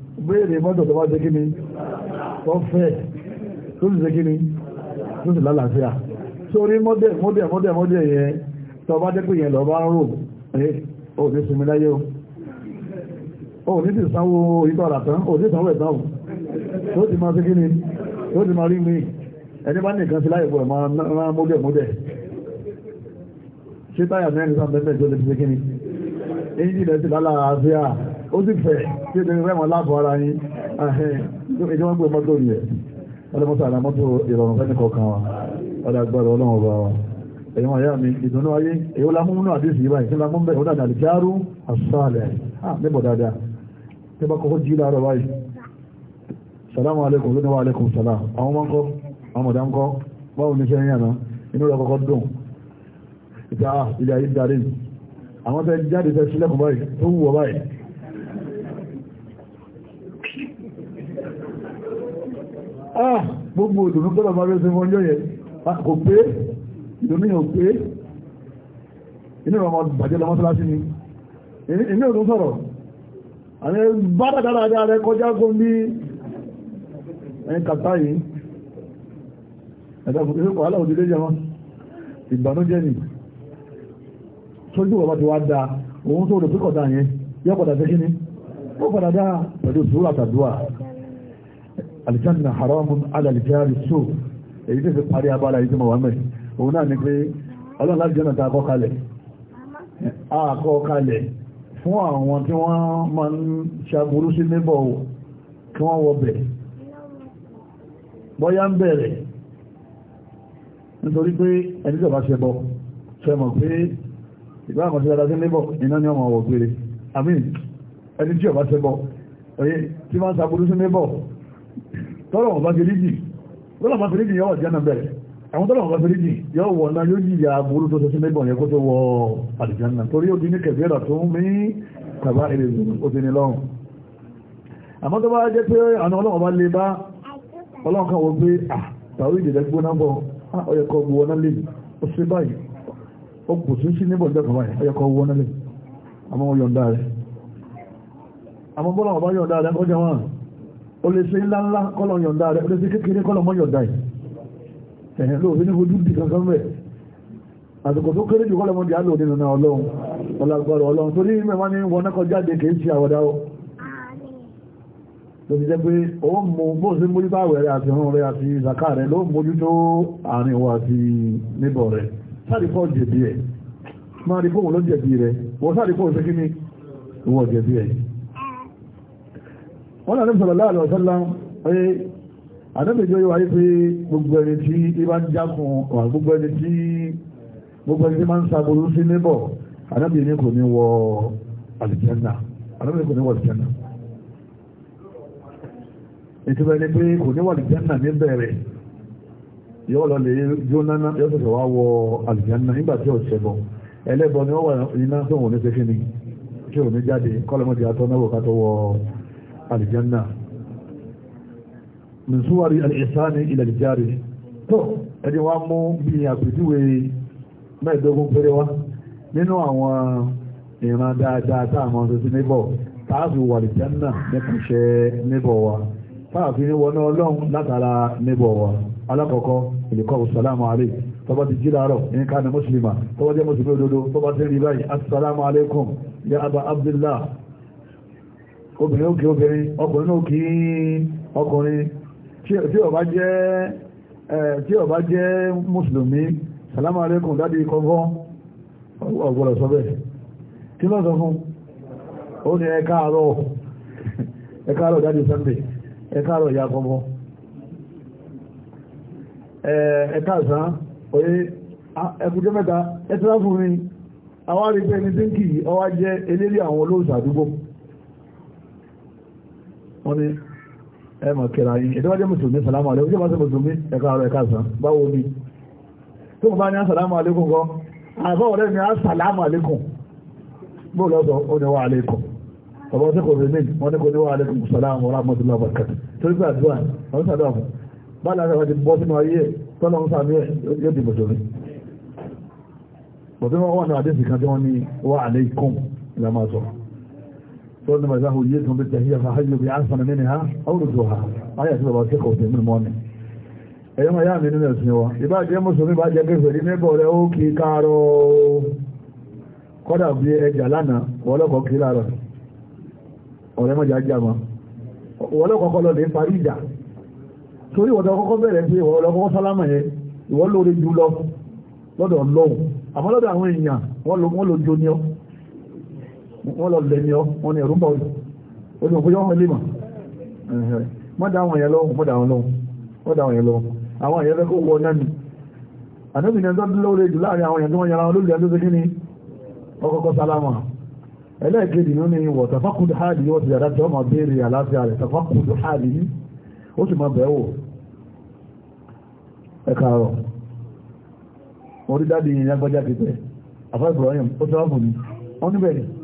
béèrè mọ́tò tó bá jẹ́ kíni tó fẹ́ tó sì jẹ́ kíni tó sì lálàáfíà sórí mọ́dẹ̀ mọ́dẹ̀ mọ́dẹ̀ mọ́dẹ̀ yẹn tó bá jẹ́ pé yẹn lọ bá ń rò pé ó ní sinmi láyé o ó ní ti sanwó ìtọ́ àràtán ó ní sanwó ẹ̀tàn tó ti máa sí kíni tó ti máa rí mi ẹni bá nìkan sí láyé bọ̀ máa rán mọ́dẹ̀ mọ́dẹ̀ ṣé táyà mẹ́rin sáà mẹ́fẹ́ tó ti fi kíni èyí ti lẹ́sìn lálàáfíà ó ti fẹ̀ tí ó tẹ́lẹ̀ rẹ́mọ̀ láàbọ̀ ara yín ẹjọ́ wọ́n gbé mọ́tò yẹ̀ ọlọ́mọ́tò àdámọ́tò ìrọ̀rùn fẹ́ nìkọ̀ọ̀kan wa ọlọ́gbọ́dọ̀ ọlọ́run ọba wa ẹ̀yìn ọ̀yá mi ìdùnnú ayé èyí ó lámú múnú àdéhùn ìbáyìí tí lámú bẹ̀rẹ̀ ó dàdà àlùjárú àṣàlẹ̀ níbọ̀ dáadáa tí bá kọ́kọ́ jí láàárọ̀ báyìí salamu alaikum lónìí wa alaikum salam àwọn ọmọ ńkọ́ àwọn ọmọdé ńkọ́ báwo ní sẹ́yìn àná inú rẹ̀ kọ́kọ́ dùn ìta ilé ayé darí àwọn tẹ́ jáde tẹ́ sílẹ̀kùn báyìí tó wù ọ báyìí ah gbogbo ìdùnnú gbọ́dọ̀ máa rẹ́sẹ̀ fún ọjọ́ yẹn ah, kò pé ìdùnnú yẹn ò pé inú ìwọ̀n ọmọ bàjẹ́ lọ mọ́sálásí ni inú ìdùn sọ̀rọ̀ àmì bá dáadáa rẹ kọjá fún bí ẹni kàtá yìí ẹ̀dá kò tẹ́lẹ̀ kọ̀ aláwọ̀ délé jẹun ìgbànújẹ́ ni sójú ọba ti wá da òun tó rò pé kọ̀dá yẹn yọ padà sí kíní ó padà dá pẹ̀lú sùúrù àtàdúrà alìjánà haramun alàlìjáàrí so èyí tẹ́sí parí abára ìdí mohammed òun náà ni pé ọlọ́run alìjánà ta akọ́kalẹ̀ akọ́kalẹ̀ fún àwọn tí wọ́n máa ń ṣàbúrú sí níbọ̀ kí wọ́n wọ bẹ̀ bọ́yá ń bẹ̀rẹ̀ nítorí pé ẹni tí ọba ṣe bọ́ ṣe mọ̀ pé ìgbà àkọsí dada sí níbọ̀ iná ni ọmọ wọ̀ péré àmì ẹni tí ọba ṣe bọ́ tí wọ́n ṣàbúrú sí níbọ̀ tọ́lọ̀ wọn bá ti rí jì tọ́lọ̀ wọn bá ti rí jì yọ́ ọ̀dí yóò jì ya burú tó tẹ́sí mẹ́gbọ̀n yẹ kó tó wọ àlìjánà torí ó di ní kẹfẹ́rà tó ń mí tàbá èrè ó ti ní lọ́rùn àmọ́ tó bá jẹ́ pé àwọn ọlọ́wọ́n bá lè bá ọlọ́wọ́n kan wọ́n pé à tàwí ìdẹ̀dẹ̀ gbóná bọ̀ ọyọ̀kọ̀ wọná lè ó sì báyìí ó kò sí sí o lè ṣe ńláńlá kọ́lọ̀ yọ̀ǹda rẹ̀ o lè ṣe kékeré kọ́lọ̀ mọ́ yọ̀ǹda yìí ẹ̀hẹ́ lóòfin ní ojú di kankan mẹ́ àsìkò tó kéré jù kọ́lọ̀ mọ́ di àlò nínú náà ọlọ́run ọlọ́gbọ́rọ̀ ọlọ́run torí mẹ́wàá ní wọn náà kọjáde kìí ṣe àwọ̀dá o tó ti jẹ́ pé ó mú bó ṣe mójú bá wẹ̀ rẹ̀ àti ọ̀run rẹ̀ àti ìzàká rẹ̀ ló mójú tó àárín wa àti níbọ̀ rẹ̀ sáàdì fọ́ jẹ̀bi ẹ̀ máa rí fóun ló jẹ̀bi rẹ̀ wọ́n sáàdì fóun ṣe kí ni ìwọ̀ jẹ̀bi ẹ̀ wọ́n lọ́nà sọ̀rọ̀ láàrín ọ̀sọ́lá pé àdọ́bìnrin yóò wáyé pé gbogbo ẹni tí ibá ń jákun wà gbogbo ẹni tí gbogbo ẹni tí máa ń sàbòrò sí níbọ̀ àdọ́bìnrin kò ní wọ àlìjẹ́nà àdọ́bìnrin kò ní wọ àlìjẹ́nà ìtura ẹni pé kò ní wọ àlìjẹ́nà ní bẹ̀rẹ̀ yóò lọ lè jóná yóò sọ̀rọ̀ wá wọ àlìjẹ́nà nígbà tí ọ̀sẹ̀ bọ̀ ẹlẹ́bọ ni wọ́n wà iná tó wọn ní pé kí ni kí òní jáde kọ́lọ́mọ́dé atọ́ náà wọ̀ ká tó wọ àlìjánà mùsùlùmí àlìsáni ilẹ̀ ìjáre tó ẹni wá mú bí àpèjúwe mẹ́ẹ̀ẹ́dógún péré wá nínú àwọn ìran dáadáa tá àwọn ọ̀sẹ̀ sí níbọ̀ táàbù wà àlìjánà nípa iṣẹ́ níbọ̀ wa táàbù ní wọná ọlọ́run látara níbọ̀ wa alákọ̀ọ́kọ́ ìlẹ̀kọ́ assalamu alaykum tọba ti jí láàárọ̀ ní káàna mùsùlùmá tọba jẹ́ mùsùlùmí òdodo tọba ti rí báyìí assalamu alaykum ya aba abdullah obìnrin ó kí obìnrin ọkùnrin ó kí ọkùnrin tí ó bá jẹ́ tí ó bá jẹ́ mùsùlùmí salamu alaikum dádì kọ́kọ́ ọ̀gbọ̀lọ̀ sọ bẹ́ẹ̀ kí ló sọ fún ó ní ẹ káàárọ̀ <laughs> ẹ káàárọ̀ dádì sunday ẹ káàárọ̀ ìyá kọ́kọ́ ẹ káàsán oyé ẹkùjẹ́ mẹ́ta ẹ tíráfù mi àwọn àrígbẹ́ ẹni tí ń kì í ọwá jẹ́ eléré àwọn olóòṣà àdúgbò wọ́n ní ẹmọ̀ kẹra yìí ẹ̀dọ́ jẹ́ mùsùlùmí sàlámù alẹ́ ojú bá sí mùsùlùmí ẹ̀ka àrọ̀ ẹ̀ka sàn báwo ni tó kò bá ní asàlámù alẹ́kùn kọ́ àbọ̀ ọ̀rẹ́ ni asàlámù alẹ́kùn bó lọ́sọ̀ ó ní wà alẹ́kùn ọ̀bọ̀ tí kò rèmí wọ́n ní kò ní wà alẹ́kùn sàlámù ọ̀rọ̀mọ̀tìlá bàkàtì torí pé àdúrà wọ́n sàdọ̀ fún bá láti àwọn ti bọ́ sínú ayé tọ́lọ́ ń sàmì yóò di mùsùlùmí bọ̀dé فإنما إذا هويتهم بالتهية فحيوا بأحسن منها أو ردوها آية كده بقى ثقة من المؤمن أيما يا من الناس نوا يبقى جاء مسلم يبقى جاء كفر يبقى بقول أو كي كارو kọ́dà bí ẹjà lánàá wọ́lọ́kọ̀ kí lára ọ̀rẹ́ mọ́jà jàmà wọ́lọ́kọ̀ kọ́lọ̀ lè parí ìjà torí wọ́n kọ́kọ́ bẹ̀rẹ̀ pé wọ́lọ́kọ́ sálámà yẹn ìwọ́n lórí jù lọ lọ́dọ̀ wọ́n lọ lẹ̀ ní ọ wọ́n ní ẹ̀rú bọ̀ ó ní òfin yọ́n lè mọ̀ mọ́dá àwọn èèyàn lọ́wọ́ mọ́dá àwọn lọ́wọ́ mọ́dá àwọn èèyàn lọ́wọ́ àwọn èèyàn fẹ́ kó wọ náà ni àdébì ní ẹjọ́ lóore jù láàrin àwọn èèyàn tó wọ́n yára wọn lórí ẹjọ́ kí ni ọkọ̀kọ́ sálámà ẹlẹ́ẹ̀kejì ní wọ̀ tafakud hadi yóò ti yàrá tí wọ́n máa béèrè àlàáfíà rẹ̀ tafakud hadi yìí ó sì máa bẹ̀wò ẹ̀ka rọ̀ orí dáàdi ìyìn agbájá pípẹ́ àfáà Ibrahim ó tẹ́wàá fún mi wọ́n níbẹ̀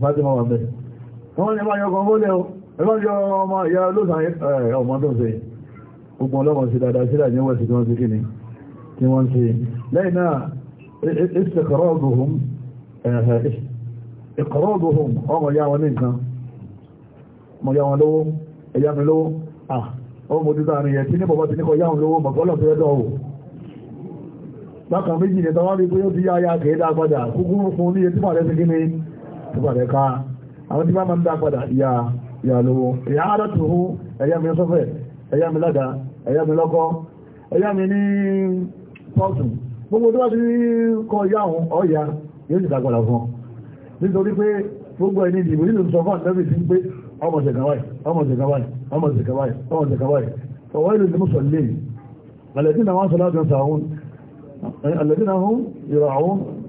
Fátímà wà bẹ́ẹ̀. Wọ́n ní máa yọkọ̀ mọ́lẹ̀ o, ẹgbọ́n yọ ọmọ ìyá lóòsàn ọmọ tó ṣe. Ogun ọlọ́mọ sí dáadáa sílẹ̀ ní wẹ̀sì tí wọ́n ti kí ni, tí wọ́n ṣe. Lẹ́yìn náà, ìṣẹ̀kọ̀rọ̀gùhùn, ìkọ̀rọ̀gùhùn, ọmọ ìyá wọn ní nǹkan, mọ̀ yá wọn lówó, ẹ̀yá mi lówó, ah, ó mo dúdú àrin yẹn tí ní bọ̀bá ti bákan méjì ní tọwọ́ rí pé ó ti yá ayá kèédà padà kúkúrú fún ní etí pàdé sí kí túbọ̀ rẹ̀ ká àwọn tí máa ń dá padà ìyá ìyá lówó ìyá ara tó hú ẹ̀yà mi sọ́fẹ̀ ẹ̀yà mi ládàá ẹ̀yà mi lọ́kọ́ ẹ̀yà mi ní pọ́ọ̀tù gbogbo tó bá ti kọ ìyá òun ọ̀yà yóò sì dàgbàlà fún nítorí pé gbogbo ẹni ìdìbò nínú sọ fún àtẹ́bì sí pé ọmọ ṣèkàwáì ọmọ ṣèkàwáì ọmọ ṣèkàwáì ọmọ ṣèkàwáì ọwọ́ ìlú ti mú sọ lẹ́yìn alẹ́dínà wọn sọ láti ọ̀sà òun alẹ́dínà òun ìrọ̀ òun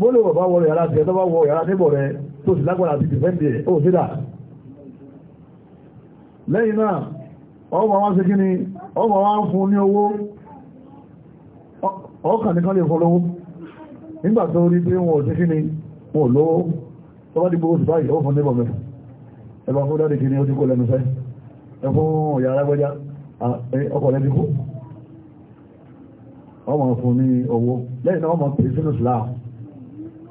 bóòlù wọ̀ bá wọ yàrá tiẹ̀ bá wọ yàrá níbọ̀ rẹ̀ tó sì lágbára àti dìfẹ́ǹdì ẹ̀ ó sí dà lẹ́yìn náà ọmọ wọn ṣe kí ni ọmọ wọn fún ní owó ọkà nìkan lè fọlọ́wọ́ nígbà tó rí pé wọn kí ni wọn lówó dìbò oṣù báyìí ó fún níbọ̀ ẹ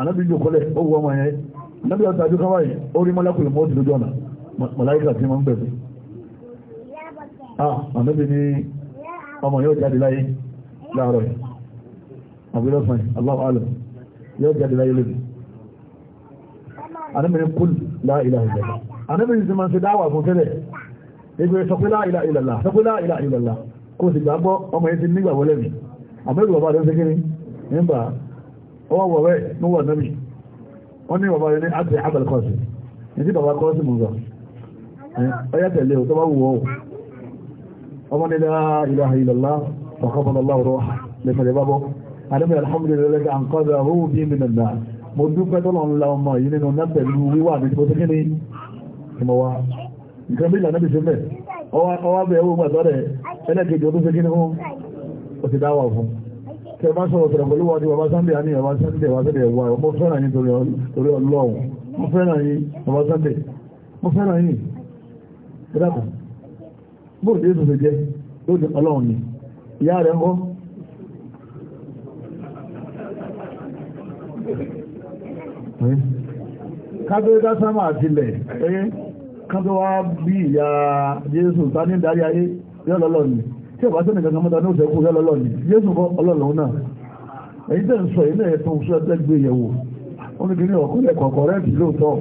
anábì jò kọ́lẹ̀ ó wọ ọmọ yẹn anábì ọ̀tà àjọ kan báyìí ó rí mọ́lákùlù mọ́ọ̀tì lójú ọ̀nà mọ̀láyíkà tí wọ́n ń bẹ̀rẹ̀ anábì ní ọmọ yóò jáde láyé láàárọ̀ yìí àbílọ́sàn Allahu alam yóò jáde láyé lóbi anábì ní kúl la ilaha illallah anábì ní sinmi ṣe dáwà fún tẹ́lẹ̀ ẹgbẹ́ sọ pé la ilaha illallah sọ pé la ilaha illallah kó o sì gbàgbọ́ ọmọ yẹn ti nígbàgbọ́ lẹ́nu àmọ́ ìgbàgbọ́ àdéhùn ọwọ́ wọ̀wẹ́ ní wọ̀ nẹ́mì wọ́n ní bàbá rẹ̀ ní àti Abul Qasim ní tí bàbá kọ́ọ̀sì mú sọ ọyá tẹ̀lé ò tó bá wù ọ́ ọmọ ní la ilaha illallah faqabala Allahu ruha lẹ́fẹ̀rẹ̀ bábọ́ adẹ́mì alhamdulillah an qadahu bi minan nar mo dúpẹ́ tọ́lọ̀ ńlá ọmọ yìí nínú náà pẹ̀lú wíwà ní tó tẹ́kẹ́ ní ìmọ̀ wa nǹkan bí tẹ bá sọ̀rọ̀ sọ̀rọ̀ pẹ̀lú wọ́n tí bàbá Sunday a ní bàbá Sunday bàbá Sunday wà mo fẹ́ràn yín torí Ọlọ́run mo fẹ́ràn yín bàbá Sunday mo fẹ́ràn yín ìdákùn bóòdì Jésù ṣe jẹ́ lóòdì Ọlọ́run ni ìyá rẹ̀ ń kọ́ kábẹ́rẹ́ dásámà àtìlẹ̀ ẹ̀yẹ́ kan tó wá bí ìyá Jésù ta ní darí ayé yọ́ ni tí ọba tó nìkan mọ́ta ní òṣèkú yọ lọ́lọ́ ni yéésù bọ́ ọlọ́lọ́hún náà èyí tẹ̀ ń sọ ilé ẹ̀tọ́ oṣù ẹgbẹ́ ìyẹ̀wò ó ní kiri ọkùnrin kọ̀kọ̀rẹ́tì lóòótọ́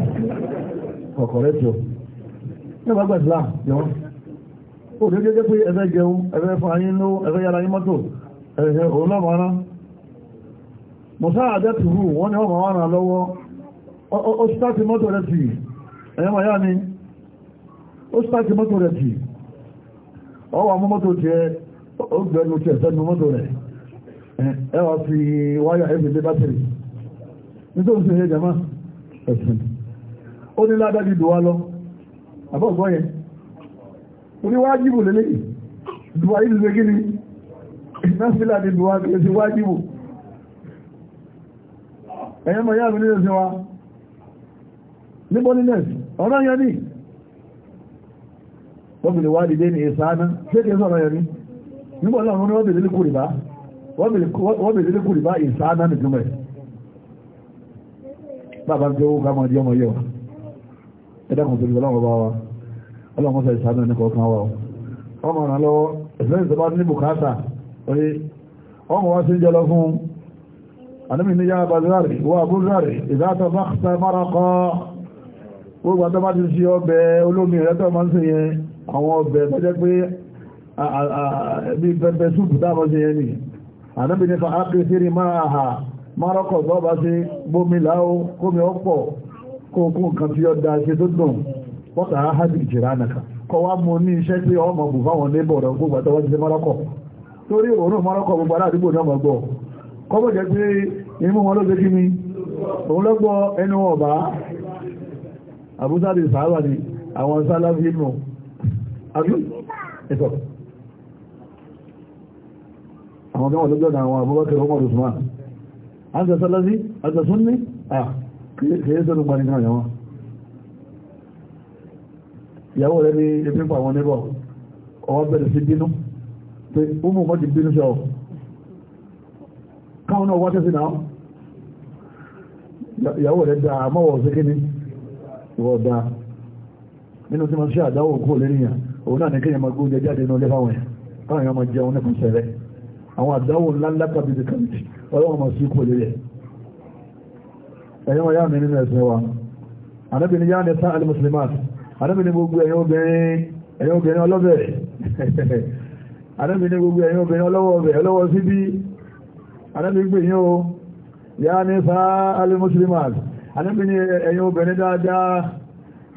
kọ̀kọ̀rẹ́tì ọ ní ọba gbàdúrà yọ ó ní jẹ́jẹ́ pé ẹfẹ́ jẹun ẹfẹ́ fún ayé ló ẹfẹ́ yára yín mọ́tò ẹ̀hẹ́ òun lọ́mọ ara mọ̀sá àdẹ́tùrù wọ́n ni wọ́n máa wà lọ́wọ́ ó sítáàtì mọ́tò rẹ̀ tì ẹ̀yẹ́ màá yá ni ó sítáàtì mọ́tò rẹ̀ tì ọwọ́ mú mọ́tò tí ẹ ó gbẹ̀nu tí ẹ̀sẹ́nu mọ́tò rẹ̀ ẹ wá fi wáyà ẹ̀fẹ̀ dé bátìrì nítorí sí ẹ̀yẹ jama ẹ̀sìn ó ní ládájú dùwá lọ àbọ̀gbọ́ yẹn ó ní wájìbù lélẹ́yìn dùwá yìí lè gíní ìnáfílà ní dùwá kìí sí wájìbù ẹ̀yẹ́ mọ̀ yá mi nílẹ̀ sí wa níbo nílẹ̀ ọ̀rọ̀ yẹn ní wọ́n bèèrè wá dìde ní ìsáná ṣé kí n sọ̀rọ̀ yẹn ni nígbà náà wọ́n bèèrè ní kùrìbá wọ́n bèèrè ní kùrìbá ìsáná nìkan mẹ́ bàbá tó ká mọ̀ ọmọ yẹ wa ẹ̀dá kan tóbi ọlọ́run bá wa ọlọ́run sọ ìsáná ní kọ̀ọ̀kan wa ọmọ ràn lọ́wọ́ ìfẹ́ ìsọba ní bùkátà orí ọmọ wa sí jọlọ fún anami ni yára bazari wa abúzari ìdáta bá marakọ gbogbo àtọ́bá ti ṣe ọbẹ̀ olómi ìrẹ́tọ̀ máa ń sèyẹn àwọn ọbẹ̀ tó jẹ́ pé bí pẹpẹ súpù dáàbọ̀ sí ẹni ànábì ní fa ákìsírí máa hà márọ́kọ̀ tó bá sí bómi láó kómi ọpọ̀ kókó nǹkan tí ó da ṣe tó dùn pọ́tà áhàbì jìrá nàkà kọ wá mú ní iṣẹ́ pé ọmọ bù fáwọn nébọ̀ rẹ̀ gbogbo àtọwọ́ ti márọ́kọ̀ torí òórùn márọ́kọ̀ gbogbo aládùúgbò náà mọ̀ gbọ́ kọ́bọ̀ jẹ́ pé imú wọn ló gbé kí ni òun lọ́gbọ́ ẹnu ọ̀bá àbúsá àbí ẹ̀sọ̀ àwọn ọmọ ọdọ́jọ́ na àwọn abúbákẹ́ ọmọ ọdọ́sùnmá azẹ́sọ́lọ́sí azẹ́súnni kìí sọ́nù gbani náà yẹwọ́n ìyàwó rẹ̀ ní ebi pa àwọn níbọ̀ ọwọ́ bẹ̀rẹ̀ sí bínú pé ọmọ ọmọ ti bínú sọ káwọn náà wá tẹ́sí náà ìyàwó rẹ̀ dáa mọ́wọ́ sí kíní ìwọ̀ dáa nínú tí wọ́n ṣe àdáwò kó lẹ́nìyàn òun náà ní kéèyàn máa gbóúnjẹ jáde nínú ilé fáwọn yẹn káwọn yẹn máa jẹun nípa ìṣẹ̀lẹ̀ àwọn àdáwò ńláńlá kàbíbi kàbíbi ọlọ́run máa sí kò lè rẹ̀ ẹ̀yọ́ wọn yáà mi nínú ẹ̀sìn wa anábìnrin yáà ní sá alẹ́ mùsùlùmáà anábìnrin gbogbo ẹ̀yin obìnrin ọlọ́bẹ̀ anábìnrin <laughs> gbogbo ẹ̀yin obìnrin ọlọ́wọ́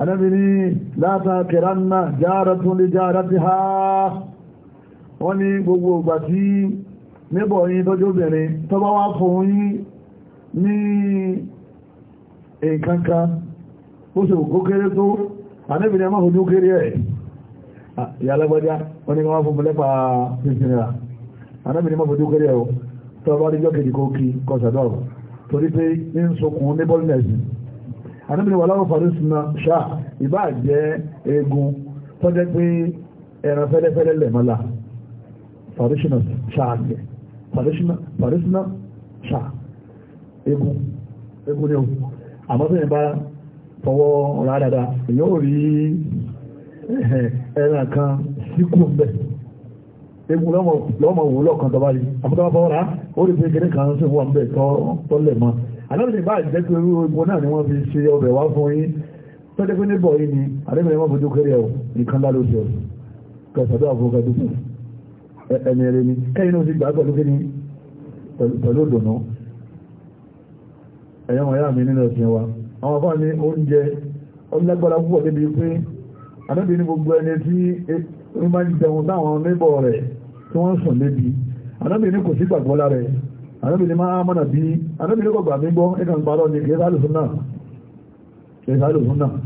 anábìrí látàkìránà jára tún lè jára ti ha wọ́n ní gbogbo ìgbà tí níbọ̀ yí tọ́jú obìnrin tó bá ma fún yí ní ìkankan ó sì kó kéré tó anábìrí ẹmọ́ ojú kéré ẹ̀ ìyálẹ́gbọ́já wọ́n ní wọ́n fún mọ́lẹ́pà fífìnira anábìrí ẹmọ́ ojú kéré ẹ̀ tó bá rí jọ́kèjì kó kí kọsàdọ́rọ̀ torí pé ní sọkùn ní bọ́ọ̀lù àdúgbò wọ́n lọ́wọ́ fọ́rí súnmọ́ ṣáà ìbá jẹ́ eegun tó jẹ́ pé ẹran fẹ́lẹ́fẹ́lẹ́ lẹ̀mọ́lá fàríṣínà ṣáà jẹ́ fàríṣínà ni o àmọ́ tó yẹn bá fọwọ́ ra dáadáa èyí ò rí ẹran kan síkú ń bẹ̀ egun lọ́mọ wò lọ́kàn tó bá rí fọwọ́ ra ó rí pé kékeré kan sí wọ́n bẹ̀ tọ́ lẹ̀ àlọ́bìnrin bá jẹ́ pé náà ni wọ́n fi ṣe ọbẹ̀ wá fún yín tó jẹ́ pé níbọ̀ yìí ni àlẹ́bìnrin wọ́n fojú kéré ọ̀ nìkan lálọ́ ọ̀ kẹsàdọ́ àfọkàdú ẹni ni kẹ́yìn náà sì gbà pẹ̀lú kí ni pẹ̀lú òdòdó ẹ̀yọ́ wọn yá mi nínú ẹ̀sìn wa àwọn afọ́ ní oúnjẹ ọlágbára púpọ̀ débi pé àlẹ́bìnrin gbogbo ẹni tí wọ́n máa ń jẹun táwọn níbọ̀ rẹ̀ tí wọ́n sùn lébi àlẹ́bìnrin kò sí gbàgbọ́ lára ẹ̀ anábìnrin máa mọ́nà bí anábìnrin kọ̀gbà mi gbọ́ ẹ̀kà ń parọ́ ní ẹ̀sàlùsúnnà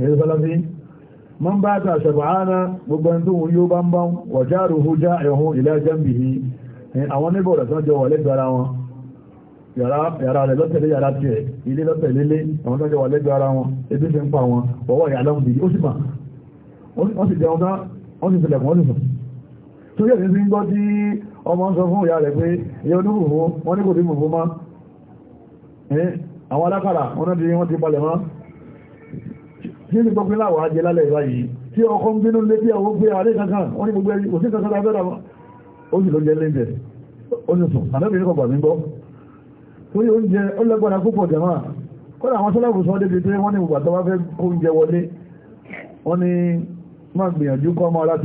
ẹ̀sàlùsí ma ń bá ta ṣàbàánà gbogbo ẹni tó wù yóò bá ń bá wàjáàrù hó já ẹ̀hún ilẹ̀ jẹ́mbìhì àwọn níbọ̀ rẹ̀ tán jọ wà lẹ́gbẹ̀ẹ́ra wọn yàrá rẹ̀ lọ́tẹ̀lé yàrá tiẹ̀ ilé lọ́tẹ̀lé lé àwọn tán jọ ọmọ ń sọ fún ìyá rẹ̀ pé ìyá onígbòfó wọ́n ní kò sí gbòfó mọ́ àwọn alákàrà wọ́n ti wọ́n ti palẹ̀ mọ́ tí ní gbogbo láwọ̀ ajé lálẹ̀ ìbáyìí tí ọkọ̀ ń bínú lé bí àwọn gbé àrẹ kankan wọ́n ní gbogbo ẹni kò sí kankan lábẹ́ra ó sì ló jẹ́ lẹ́jẹ̀ ó sì sùn àbẹ́bìnrin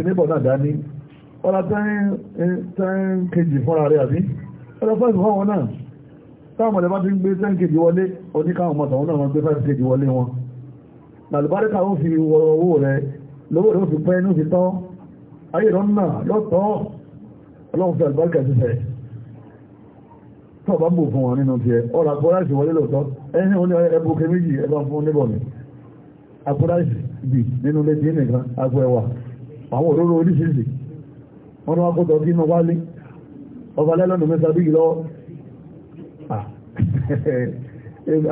kọ̀gbà mi ọ̀la tẹ́rin kejì fọ́nà rẹ̀ àbí ọ̀la fẹ́ẹ̀sì fọ́wọ́n náà táwọn mọ̀lẹ́bá ti ń gbé tẹ́rin kejì wọlé oníkàwọn mọ̀tàwọn náà wọ́n gbé fẹ́ẹ̀sì kejì wọlé wọn làlùbáríkà ó fi wọ owó rẹ̀ lówó rẹ̀ ó fi pẹ́ inú fi tán ayé rọ̀ náà lọ́tọ́ ọlọ́run fi àlùbáríkà ti fẹ́ tó bá bò fún wọn nínú tiẹ̀ ọ̀la kọ́láìsì wọlé lóòótọ́ ẹni ó ní ẹbú ke méjì ẹbá fún níbọ̀ mi akọ́láìsì bì nínú lẹ́jì nìkan agbẹ̀wà àwọn òróró oríṣiríṣi wọ́n ni wọ́n kó tọ́jú inú wálé ọba lẹ́lọ́nà mẹ́ta bí lọ́wọ́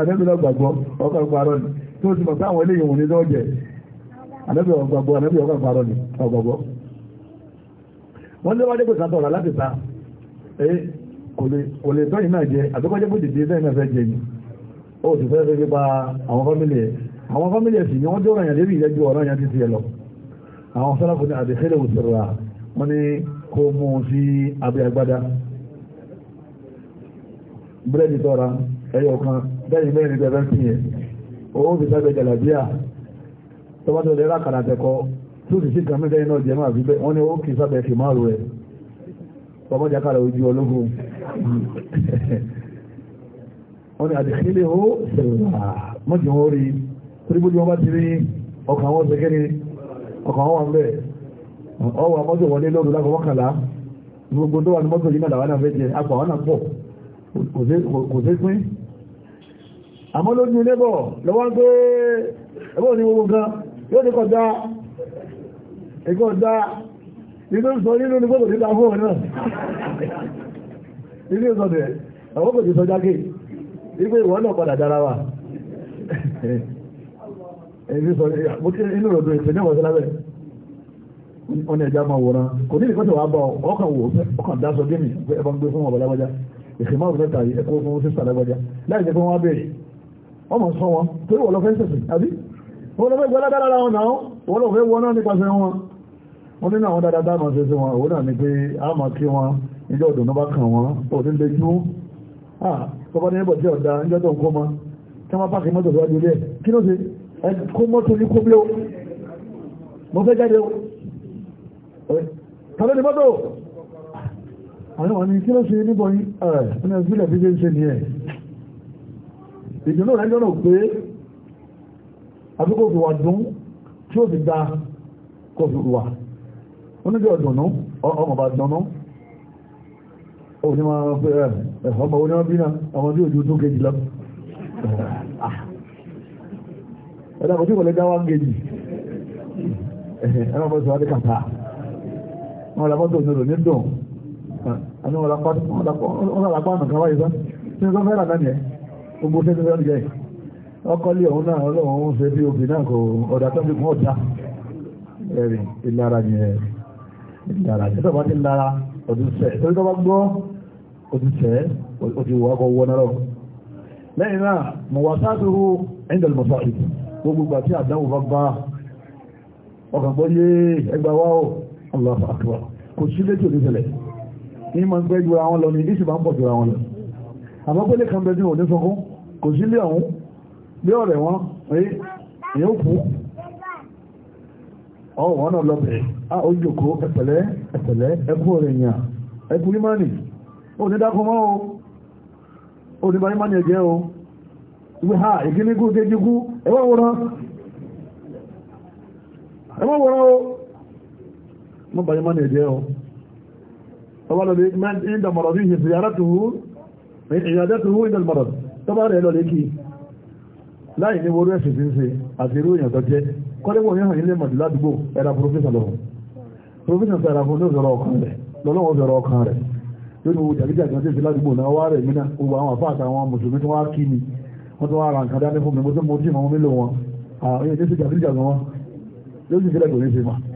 àdẹ́bìnà gbàgbọ́ ọkọ̀ parọ́ ni tí ó ti mọ̀ sáwọn ilé ìwòrán ní ọjẹ́ àdẹ́bìnà gbàgbọ́ àdẹ́bìnà ọkọ̀ parọ́ ni ọgbàgbọ́ wọ́n lé wájẹ́ pé sàtọ̀rà láti ta ẹ́ kò lè tọ́ ìnáà jẹ àtọ́kọ́jẹ́ pé dìde sẹ́yìn náà fẹ́ jẹ ni ó ti fẹ́ fẹ́ pa àwọn fámílì ẹ̀ àwọn fámílì ẹ̀ sì ni wọ́n jọ́rọ̀ yàn lérí ìrẹ́jú ọ̀rọ̀ yàn títí ẹ lọ àwọn sọ́lá fún àdìsẹ́lẹ̀ òṣèrà wọ́n ní kó mú un sí abẹ́ agbádá búrẹ́dì tọ́ra ẹyọ kan bẹ́ẹ̀ni mẹ́rin bẹ̀rẹ̀ sí yẹn owó fi sábẹ́ jàlàbíà tọ́mọ́tò lè rà kàrà tẹ̀kọ́ tó sì sí kan mẹ́tẹ́rin náà jẹ́ máa fi bẹ́ẹ̀ wọ́n ní ó kì í sábẹ́ kì máa rò rẹ̀ tọ́mọ́jà kàrà ojú ológun <laughs> wọ́n ní àdìsílẹ̀ ó sẹ̀rọ̀ mọ́jì wọn rí torí bójú wọn bá ti rí ọkàn wọn sẹ́kẹ́ni ọkàn wọn wà ń bẹ́ẹ̀ ọwọ́ mọ́tò wọlé lóru lágọ́ mọ́kànlá gbogbo tó wà ní mọ́tò yìí náà làwọn náà fẹ́ jẹ apọ̀ àwọn náà pọ̀ kò sí pín àmọ́ lójú ilé bọ̀ lọ́wọ́ pé ẹgbọ́n ní gbogbo nǹkan yóò ní kọjá ẹgbọ́dá nínú sọ nínú ní gbogbo nígbà fún ọ̀nà nínú ìsọ̀dẹ̀ àwọn kò ti sọ jákè wípé ìwọ̀n náà padà dára wà inú ìrọ̀dọ̀ ìpínlẹ̀ wọ̀sán lábẹ́ wọ́n ní ẹja máa wòran kò ní ìkọ́tẹ̀ wàá bọ̀ ọkàn wò ọkàn dáṣọ gémi ẹbọn gbé fún ọ̀bọ̀ lágbájá ìfìmọ́ òfin mẹ́ta ẹ̀kọ́ fún sísà lágbájá láì jẹ́ pé wọ́n béèrè wọ́n mọ̀ sọ wọn torí wọ́n lọ fẹ́ sẹ̀sìn àbí wọ́n lọ fẹ́ gbọ́ ládàá lára wọn náà wọ́n lọ fẹ́ wọ́n náà nípasẹ̀ wọn wọ́n nínú àwọn dáadáa dáàmà ṣe sí wọn òun náà ni pé a máa kí wọn ìjọ òdùnnú bá kàn wọn ò ní lè jú bọ́bá ní ẹbọ̀ tí ọ̀dá ìjọ tó ń kó ma kí tàbí ní mọ́tò àwọn ọmọ ní kí ló ṣe níbọn yí ẹ̀ẹ́nà ìpínlẹ̀ bí ṣe ń ṣe nìyẹn ìdùnnú rẹ̀ jọ́nà pé àfikò fi wà dùn tí ó fi dá kò fi wà oníjọ́ ìdùnnú ọmọ bá dùnnú ó ní máa fẹ́ ọmọ onímọ̀ bí náà àwọn tí òjò tó kejì lọ ẹ̀dá kò tí kò lè dá wá kejì ẹ̀rọ bọ́ sọ adé kàtà wọn làmọ́tò ní òní dùn àní wọn làpá ọ̀nà kan wáyé sá tí wọ́n fẹ́ràn náà nìyẹn gbogbo tẹ́tí fẹ́ràn jẹ́ ọkọ̀lé ọ̀hún náà ọlọ́run ṣe bí obì náà kò ọ̀dà tó fi kún ọ̀dà ẹ̀rìn ìlara nìyẹn ìlara nìyẹn tó bá ti lara òtútẹ́ torí tó bá gbọ́ òtútẹ́ òtí wọ́ ọkọ̀ wọ́n náà lẹ́yìn náà mo wà sáàtúrú ẹ̀ńdẹ̀lì Allahu akbar kò sí létí òdìsẹ̀lẹ̀ ní ma ń gbẹ́ ju àwọn lọ ní ìdí sì bá ń pọ̀ ju àwọn lọ àmọ́ pélé kan bẹ ní òní sọkún kò sí lé ọ̀hún lé ọ̀rẹ́ wọn rí èyàn kú ọwọ́ náà lọ bẹ̀rẹ̀ a ó jòkó ẹ̀pẹ̀lẹ́ ẹ̀pẹ̀lẹ́ ẹkú rẹ̀ yàn ẹkú rímánì ó ní dákun mọ́ o ó ní bá rímánì ẹ̀jẹ̀ o ìwé ha ìkíníkú kéjikú ẹwọ́ wòran ẹwọ́ wòran o mọ́ bàyí mọ́ nìjẹ́ ọ tọ́bá lọ lè ìdá mọ̀rọ̀ bí ìṣẹ́ ìyàdẹ́tùhú ìdá mọ̀rọ̀ tọ́bá rẹ̀ lọ lè kí láì ní orú ẹ̀sìn síse àti irú èèyàn tó jẹ́ kọ́lẹ́wọ̀ ní hàn ilé mọ̀dì ládùúgbò ẹ̀rà profesa lọ́wọ́ profesa sọ̀rọ̀ fún ló sọ̀rọ̀ ọkàn rẹ̀ lọ́lọ́wọ́ sọ̀rọ̀ ọkàn rẹ̀ lórí owó jàgíjà kan sí ládùúgbò náà wá rẹ̀ mínà gbogbo àwọn àfáà àtàwọn mùsùlùmí tó wá kí ni wọ́n tó wá ra nǹkan dání fún mi mo tó mo tí mo mú mi lò wọn àwọn èèyàn tó sì jàgíjà gan wọn ló sì fi lẹ́gbẹ̀ẹ́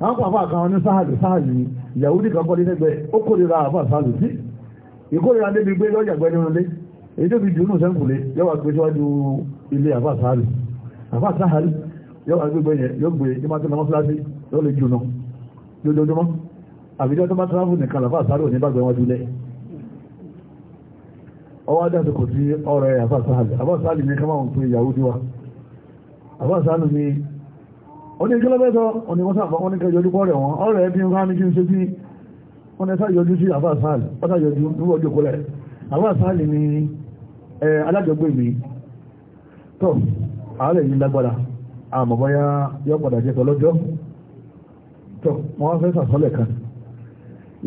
àwọn kan àfà kan ní sáàlì sáàlì Yahudi kan kọ́lé lẹ́gbẹ̀ẹ́ ó kórìíra àfà sáàlì sí ìkórìíra débi gbé lọ́jà gbẹ́ nínú ilé èyí tó fi jùlọ sẹ́kùnlé yọ́wà gbé síwájú ilé àfà sáàlì àfà sáàlì yọ́wà gbégbé yẹn yóò gbé ní máa tó lọ́mọ́ fúláṣí yóò lè jùnà lójoojúmọ́ àbíjọ́ tó bá tráfù nìkan àfà sáàlì ò ní bàgbẹ́ wọn jùlẹ̀ ọwọ́ adájọ́ kò sí ọ̀rọ̀ ẹ̀ sáàlì àfà sáàlì ní kámáwọn wa àfà sáàlì ní oní ìjọlọ́bẹ́sọ oní wọ́n sàfà wọ́n ní kẹjọ lúpọ̀ rẹ̀ wọ́n ọ̀rẹ́ ẹbí ńlá ní kí n ṣe bí wọ́n ní sáyọjú sí àfà sáàlì ọ́tà yọjú níwọ̀ jókòó rẹ̀ àfà sáàlì ni alájọgbé mi tọ́ ààrẹ yìí lágbára àmọ̀bọ́yá yọ padà jẹ́ tọ́lọ́jọ́ tọ́ wọ́n fẹ́ sàsọ́lẹ̀ kan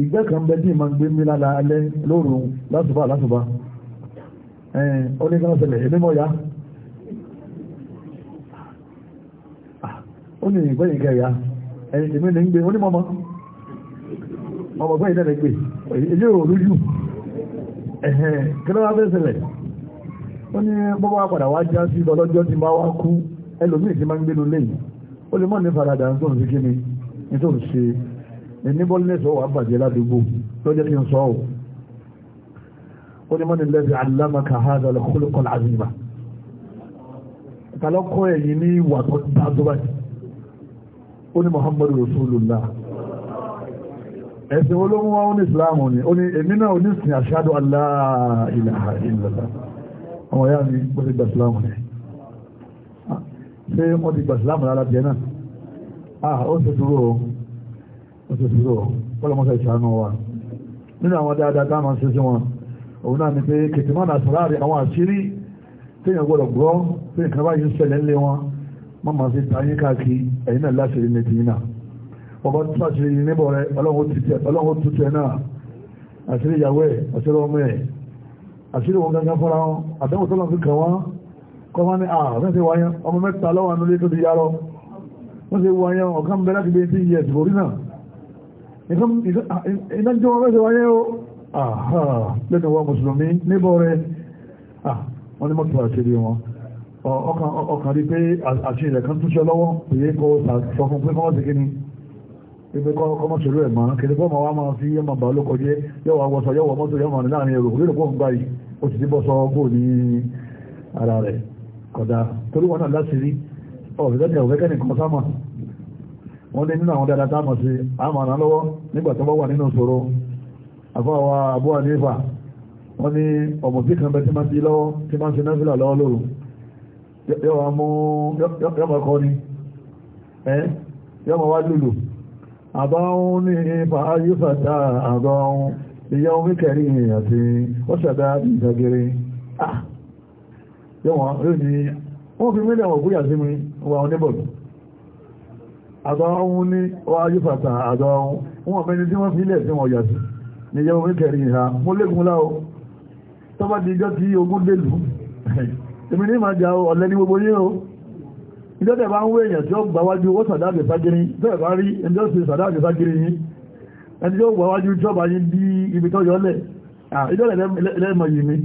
ìgbẹ́ kan bẹ tí ma gbé mi lára alẹ́ lóru lásùbà lásùbà ẹ̀ oníkanṣẹlẹ̀ ẹ̀mí mọ́ ya ó ní ìgbẹ́ ìgẹ̀ ìyá ẹni tèmi ní ń gbé onímọ̀mọ́ ọmọ gbẹ́ ìdẹ́rẹ̀ gbé ilé òru jù ẹ̀hẹ̀ kí ló wá fẹ́ ṣẹlẹ̀ ó ní bọ́bá wa padà wá já sí ọlọ́jọ́ ti máa wá kú ẹlòmíì ti máa ń gbé lu lẹ́yìn ó lè mọ̀ ní faradà ń tóun sí kí ni ní tóun ṣe ní bọ́lẹ́sọ̀ wà bàjẹ́ ládùúgbò lọ́jọ́ tí ń sọ ọ́ ó ní mọ́ ní lẹ́sẹ̀ alámàkà hádà lọ́kọ́lọ́kọ́ làzìmà tàlọ́kọ́ ẹ̀yìn ní ìwà tó bá ó ní muhammadu rasulullah ẹ̀sìn olóhun wọn ó ní islamu ni ó ní èmi náà ó ní sin ashadu allah ilaha illallah àwọn ya ni gbọ́dí gba islamu ni ṣe wọ́n ti gba islamu ah, lára jẹ náà ah ó ṣe dúró ó ṣe dúró kọ́lọ́mọ́sá ìṣàánú wa nínú àwọn dáadáa tá máa mọ́mọ́ sí tayín káàkiri ẹ̀yìn náà láṣìírí ní ti náà ọba tó àṣírí níbọ̀ rẹ ọlọ́run tó tẹ náà àṣírí ìyàwó ẹ̀ àṣírí ọmọ ẹ̀ àṣírí wọn gangan fọ́ra wọn àdánwò tó lọ fi kàn wọ́n kọ́ wọ́n ní ààrẹ ti wáyán ọmọ mẹ́ta lọ́wọ́ nílé tó ti yá lọ wọ́n ti wáyán ọ̀kan bẹ́ẹ̀ láti bẹ́ẹ̀ tí yẹ ẹ̀sùn orí náà ìdájọ́ wọn mẹ́sẹ̀ wáyán o lẹ́nu wa mùsùlùmí níbọ̀ rẹ wọ́n ní mọ́tò àṣírí wọn ọkàn rí pé àti ilẹ̀ kan túnṣẹ́ lọ́wọ́ èyí kọ́ sọ fún pé kọ́ sí kíní ibi kọ́mọ́ ṣòro ẹ̀ máa kìí fọ́mọ̀ wá máa fi yẹ́mà bá lókọ jẹ́ yọ́wà wọ́sọ yọ́wà mọ́tò yọ́mà ní láàrin èrò orílẹ̀ pọ̀ ń gbáyì ó ti bọ́ sọ bó ní ara rẹ̀ kódà torí wọn náà láti rí ọ̀fẹ́kẹ́ni ọ̀fẹ́kẹ́ni kan sáma wọ́n lé nínú àwọn dáadáa tá a mọ̀ sí àmàrà lọ́wọ́ nígbà tó bá wà nínú ìṣòro àfáwà abúwa nífà wọ́n ní ọmọ yọ́wọ́ mú yọ́mọ̀ kọ́ ni ẹ́ yọ́mọ̀ wá lùlù àbáhún ní fàáyífàtà àbáhún ìyá omi kẹrí àti ọ́ṣẹ̀dá ìjọgiri yọ́mọ̀ yóò ní wọ́n fi mílẹ̀ wọ̀ gúyà sí mi wà oníbọ̀lù àbáhún ní fàáyífàtà àbáhún wọ́n mẹ́ni tí wọ́n fi ilẹ̀ tí wọ́n yà sí ìyá omi kẹrí ìhà mọ́lẹ́gúnlá èmi ní máa jà ó ọ̀lẹ́ ní gbogbo yín o ìjọ́tẹ̀ bá ń wé èèyàn tí ó gbà wájú ó sàdáàbì ságiri bẹ́ẹ̀ bá rí ẹjọ́ sí sàdáàbì ságiri yìí ẹni tí ó gbà wájú tí ó bá yí bí ibi tó yọ́lẹ̀ ìjọ́lẹ̀ lẹ́mọ̀ yìí mi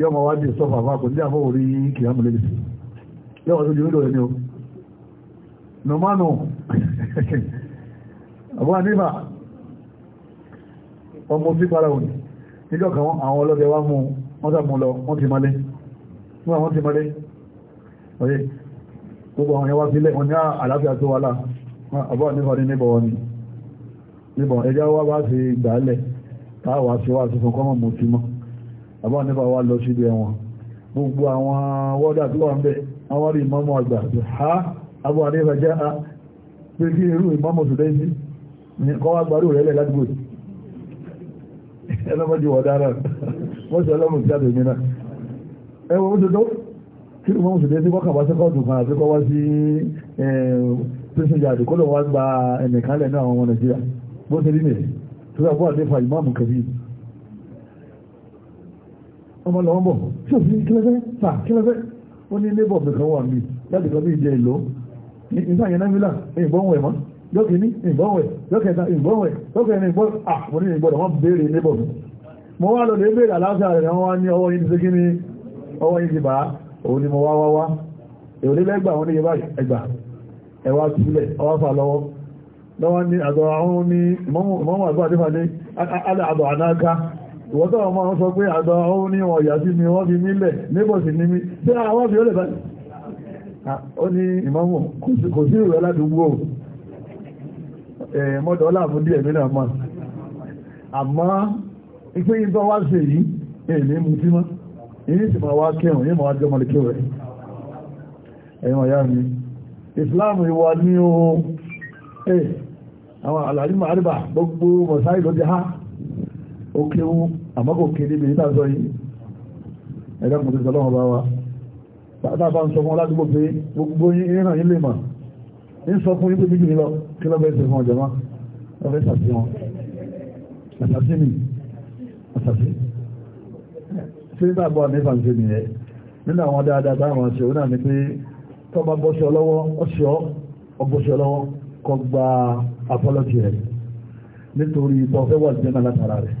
yọ́ ma wájú sọ́fà máa kò ní àfọ́ orí kìyàmù lè sí yọ́ wà tó jù nílò ẹni o nọmánù <laughs> àbúrà nífà ọmọ sí para òní níjọ́ kan àwọn ọlọ́dẹ wá mú un wọ́n sàmù lọ wọ́n ti malé wọ́n wọ́n ti malé oye gbogbo àwọn ẹwà sílẹ̀ wọ́n ní ah, àlàáfíà tó wà láà àbọ̀ nípa ní níbọ̀ wọn ni níbọ̀ ẹjá wá bá ti gbàálẹ̀ táwà sí wá tuntun kọ́mọ̀ mú ti mọ́ àbọ̀ nípa wá lọ síbi ẹ̀wọ̀n gbogbo àwọn wọ́dà tó wà ń bẹ̀ àwọn rí ìmọ́mọ́ àgbà ha àbọ̀ nípa jẹ́ ha pé kí irú ìmọ́mọ́ sùdẹ́ sí kọ́ wá gbàrú <laughs> wọ́n sì ọlọ́mù ìjáde mi náà ẹwọ ó dodo kí ló mọ́mù sì dé sí kọ́kà wá sí kọ́ọ̀tù kan àti kọ́wọ́ sí pẹ́sẹ̀ yàdì kó lọ wá gba ẹnìkan lẹ́nu àwọn ọmọ nàìjíríà bó ṣe rí nìyẹn tó dà bó àdéfà ìmáàmù kẹbí ọmọ lọ́wọ́ bọ̀ tí òfin kílẹ́fẹ́ tà kílẹ́fẹ́ ó ní lébọ̀ nìkan wà mí láti kan bí ìjẹ ìlú nígbà yẹn náà mílà ìbọn wẹ̀ mọ́ lókè ah, ní ìbọn wẹ̀ lókè ní ìbọn wẹ̀ lókè ní ìbọn mo wá lọ lè bèèrè àlàáfíà rẹ̀ wọ́n wá ní ọwọ́ yìí ti kí ní ọwọ́ yìí ti bá òun ni mo wá wá wá èrò lé lẹ́gbà báyìí ẹgbà ẹwà sílẹ̀ ọwá lọ́wọ́ lọ́wọ́ ní àgbà àwọn ní mọ́mọ́ àgbà àti fàdé n'i mi fi ìpé ìtọ́ wá ṣe yìí èèmì mú tí mọ́ èyí sì máa wá kẹrùn yìí máa jọmọ̀ lẹ́kẹ́ rẹ̀ ẹ̀yàn ọ̀yá mi Islam ìwà ní o ẹ̀ àwọn alàrímọ̀ àríbà gbogbo mọ̀sáì ló ti há ó kéwú àmọ́kò kéde bí níta sọ yìí ẹ̀dá kò ti sọlọ́wọ́ bá wa bàtà bá ń sọ fún aládùúgbò pé gbogbo yìí ràn yín lè mà ń sọ fún yín pé méjì ní lọ kí lọ́bẹ̀ẹ́sẹ̀ fún ọjọ́ mọ́ lọ́bẹ̀ẹ́sẹ̀ sí pàtàkì tí ń tàbí ọ̀nà ìfàǹsẹ̀ nìyẹn nínú àwọn dáadáa táwọn ọ̀sẹ̀ òun náà ni pé tó bá bọ́ṣẹ́ lọ́wọ́ ọ̀ṣọ́ ọgbọ́ṣẹ́ lọ́wọ́ kọ gba apọ́lọ́jì rẹ̀ nítorí ìtọ́ fẹ́ wà jẹ́nà látara rẹ̀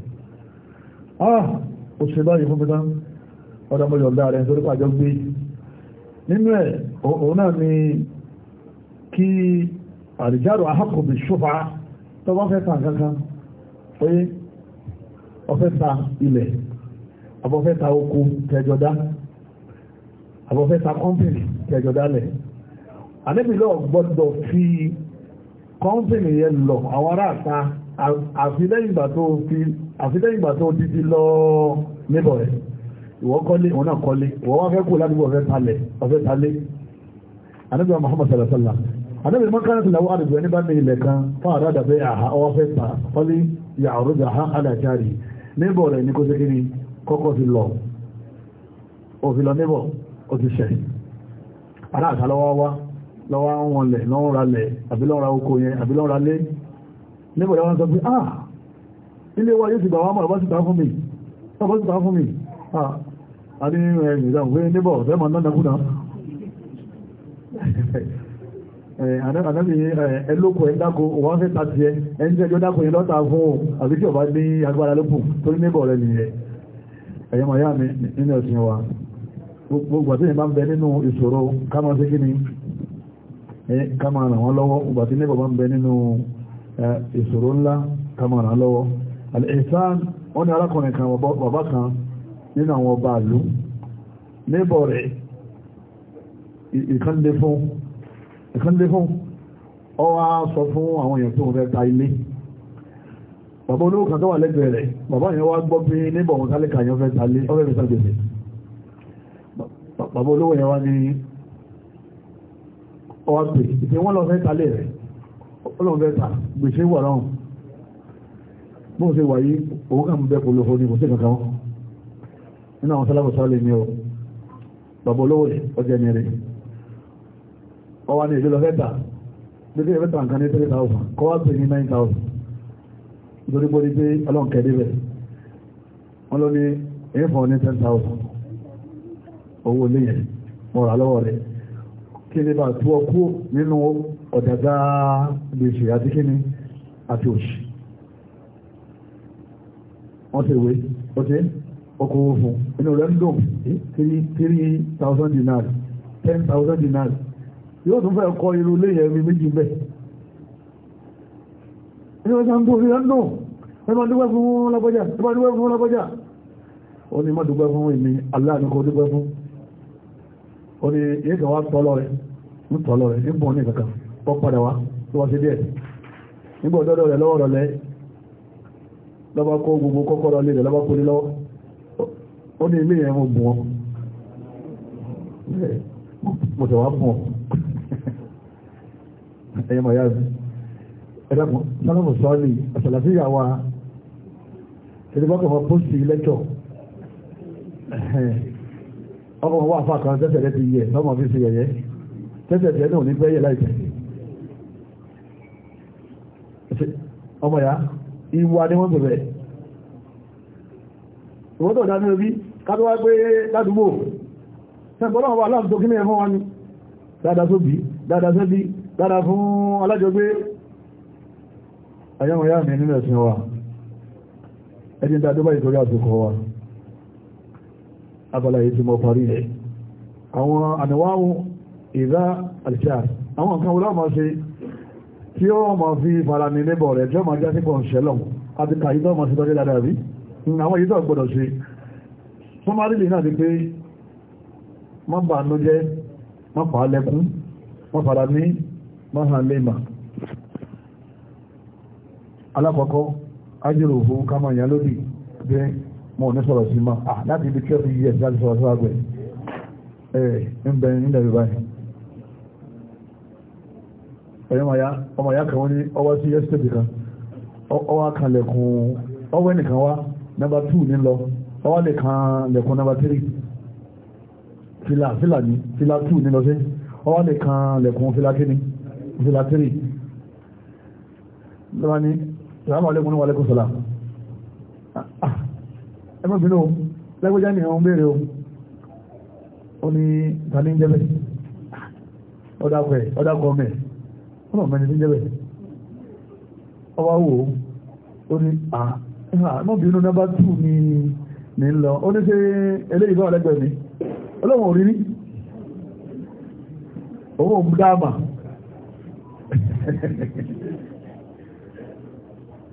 ah òṣèlú báyìí fún mi tán ọ̀dọ́mọ̀yọ̀ ọ̀dá rẹ̀ nítorí pàjọ gbé nínú ẹ̀ òun náà ni kí àrìjárò ahàkùnbì ṣùfà tó bá fẹ́ kàn kankan pé ọfẹ́ ta ilẹ̀ abọ́fẹ́ ta oko tẹjọdá abọ́fẹ́ ta kọ́mpìnì tẹjọdá lẹ̀ àníbìlẹ̀ ọ̀gbọ́dọ̀ fi kọ́mpìnì yẹn lọ àwọn ará àta àfilẹ́yìn ìgbà tó ti ti lọ níbọ̀ rẹ̀ ìwọ kọ́lé ìwọ náà kọ́lé ìwọ wá fẹ́ kú ládùúgbò ọ̀fẹ́ talẹ̀ ọ̀fẹ́ talẹ̀ àníbìlẹ̀ Muhammad sallallahu alaihi wasallam annabi makarar lawa da zuwa ba ya auru da ha níbọ̀ rẹ̀ ní kó ṣe kíni kọ́kọ́ ti lọ òfin lọ níbọ̀ ó ti ṣẹ̀ aláàtà lọ́wọ́ wá lọ́wọ́ wọn lẹ̀ lọ́wọ́ ra lẹ̀ oko yẹn àbí lọ́wọ́ rẹ̀ wọ́n sọ pé ah ilé wa yóò ti gbà wá mọ̀ lọ́bọ́sì fún mi lọ́bọ́sì fún mi ah a ní ẹ̀yìn eh, ìdáhùn pé níbọ̀ fẹ́ àdábì ẹlòkò ẹ̀dáko òwọ́n fẹ́ ta tiẹ̀ ẹni tí ẹjọ́ dáko yẹn lọ́ta fún o àbí tí ọba ní agbára lókù tó ní níbọ̀ rẹ nìyẹn ẹ̀yẹ́ mọ̀ yá mi nínú ẹ̀sìn wa gbogbo àti ìbá ń bẹ nínú ìṣòro kama máa ṣe kí ni ká máa ràn wọ́n lọ́wọ́ gbogbo àti níbọ̀ bá ń bẹ nínú ìṣòro ńlá ká ràn lọ́wọ́ àlẹ́sàn wọ́n ní arákùnrin kan bàbá kan nínú àwọn ọba àlú níbọ̀ rẹ̀ ìkànnì fún ìkànlé fún ọ wá sọ fún àwọn èèyàn tó fẹ́ ta ilé bàbá olówó kan tó wà lẹ́gbẹ̀ẹ́ rẹ̀ bàbá yẹn wá gbọ́ pé níbọ̀ wọn kálẹ̀ kàyàn fẹ́ ta ilé ọ̀rẹ́ fẹ́ ta gbèsè bàbá olówó yẹn wá ní ọwá pè ìpé wọ́n lọ fẹ́ ta lé rẹ̀ ọlọ́run fẹ́ ta gbèsè wà lọ́rùn bóun ṣe wà yí òun kàn bẹ́ polówó ní kò ọwá ní ìlú lọ́fẹ́ta lókè ìfẹ́ta nǹkan ní 3000 kọwàá pè ní 9000 nítorí pé ní pé ọlọ́nkẹ́dé bẹ̀ wọ́n ló ní ẹ̀fọ́ ní 10000 owó léyẹ̀ mọ́ra lọ́wọ́ rẹ̀ kí ni bá tú ọkú nínú ọ̀dàdá gbèsè àti kíni àti òṣì wọ́n ti wé ó ti ọkọ̀ owó fún inú rẹ̀ ń dùn 3000 dinars. 10000 dinar yóò tún fẹ́ kọ irú léyìn ẹ̀mí méjì bẹ́ ẹni wọ́n sáà ń gbórí ẹ̀nà ẹ máa dúpẹ́ fún lágbájá ẹ máa dúpẹ́ fún lágbájá ó ní má dúpẹ́ fún ìmí aláàníkọ́ dúpẹ́ fún ó ní yé kan wá tọ́lọ rẹ̀ ń tọ́lọ rẹ̀ ń bọ̀ ní kankan ó padà wá tó wá sí díẹ̀ nígbà ọ̀dọ́dọ̀ rẹ̀ lọ́wọ́ rọ̀lẹ́ lọ́ba kó gbogbo kọ́kọ́rọ́ lé rẹ̀ lọ́ba kó lé lọ́wọ́ ó ní mo bù wọn mo ẹ̀yẹ mọ̀ yáàbí ẹ̀dàkùn sálọ́mù sọ́ọ̀lì àṣàlàfíà wa ìdíbọ́kọ̀ mọ́ pósì lẹ́tọ̀ ọkọ̀ wọn wà fún àkàrà tẹ́tẹ̀ rẹ ti yẹ lọ́mọ fi ṣe yẹyẹ tẹ́tẹ̀ tẹ́ náà ní pẹ́ yẹ láìpẹ́ ọmọ ya ìwà ni wọ́n bẹ̀rẹ̀ ìwọ́tọ̀ dání orí kátọ́wà pé ládùúgbò ṣẹ́gbọ́n náà wà láàrín tó kí ní ẹ̀fọ́ wọn ni dáadáa sóbi dáadáa sẹ́bí dára fún alájọgbé àyàwó yá mi nílẹ̀ sí wa ẹjí ń a báyìí torí àsìkò wa abala yìí tí mo parí rẹ̀ àwọn àníwáhùn ìdá alìṣàr àwọn nǹkan wọlé àmọ́ sí tí ó máa fi fara ní lébọ̀ rẹ̀ tí ó máa jásí pọ̀ ṣẹlọ̀ àti kàyí tó máa sí tọ́jú dáadáa rí àwọn yìí tó gbọdọ̀ sí sọmárìlì náà ti pé má bà nú jẹ́ má fà á lẹ́kún má fara ní mahalema alákọ̀ọ́kọ́ ájúrò òhun kama ìyá lórí pé mọ̀ ní sọ̀rọ̀ sí ma à ah, láti ibi kí ọdún yíyẹ̀ láti sọ̀rọ̀ sọ́wọ́ àgbẹ̀ ẹ̀ ń bẹ ya kan wọ́n ní ọwọ́ sí ẹ́sítẹ́bì kan ọwọ́ kanlẹ̀kùn ọwọ́ ẹnìkan wá nọ́mbà 2 ní lọ ọwọ́ lè kanlẹ̀kùn nọ́mbà 3 fìlà fìlà ní fìlà 2 ní lọ sí ìfìlà tírì lọ́wọ́ ní ìsàlámù alẹ́kùn ní wàlẹ́kùn sọ̀lá ẹ má bínú lẹ́gbẹ́já ni òun béèrè o ó ní tani ń jẹ́ bẹ́ẹ̀ ọ̀dàkọ̀ẹ́ ah, ọ̀dàkọ̀ọ́mẹ́ ọmọ mẹ́ni tí ń jẹ́ bẹ́ẹ̀ ọwá wò ó ní àmọ́ ah, ah, bínú nọ́bá tù ní ní lọ ó ní ṣe eléyìí bá ọ̀lẹ́gbẹ̀ẹ́ mi ọlọ́wọ̀n orí ní owó ń dáàmà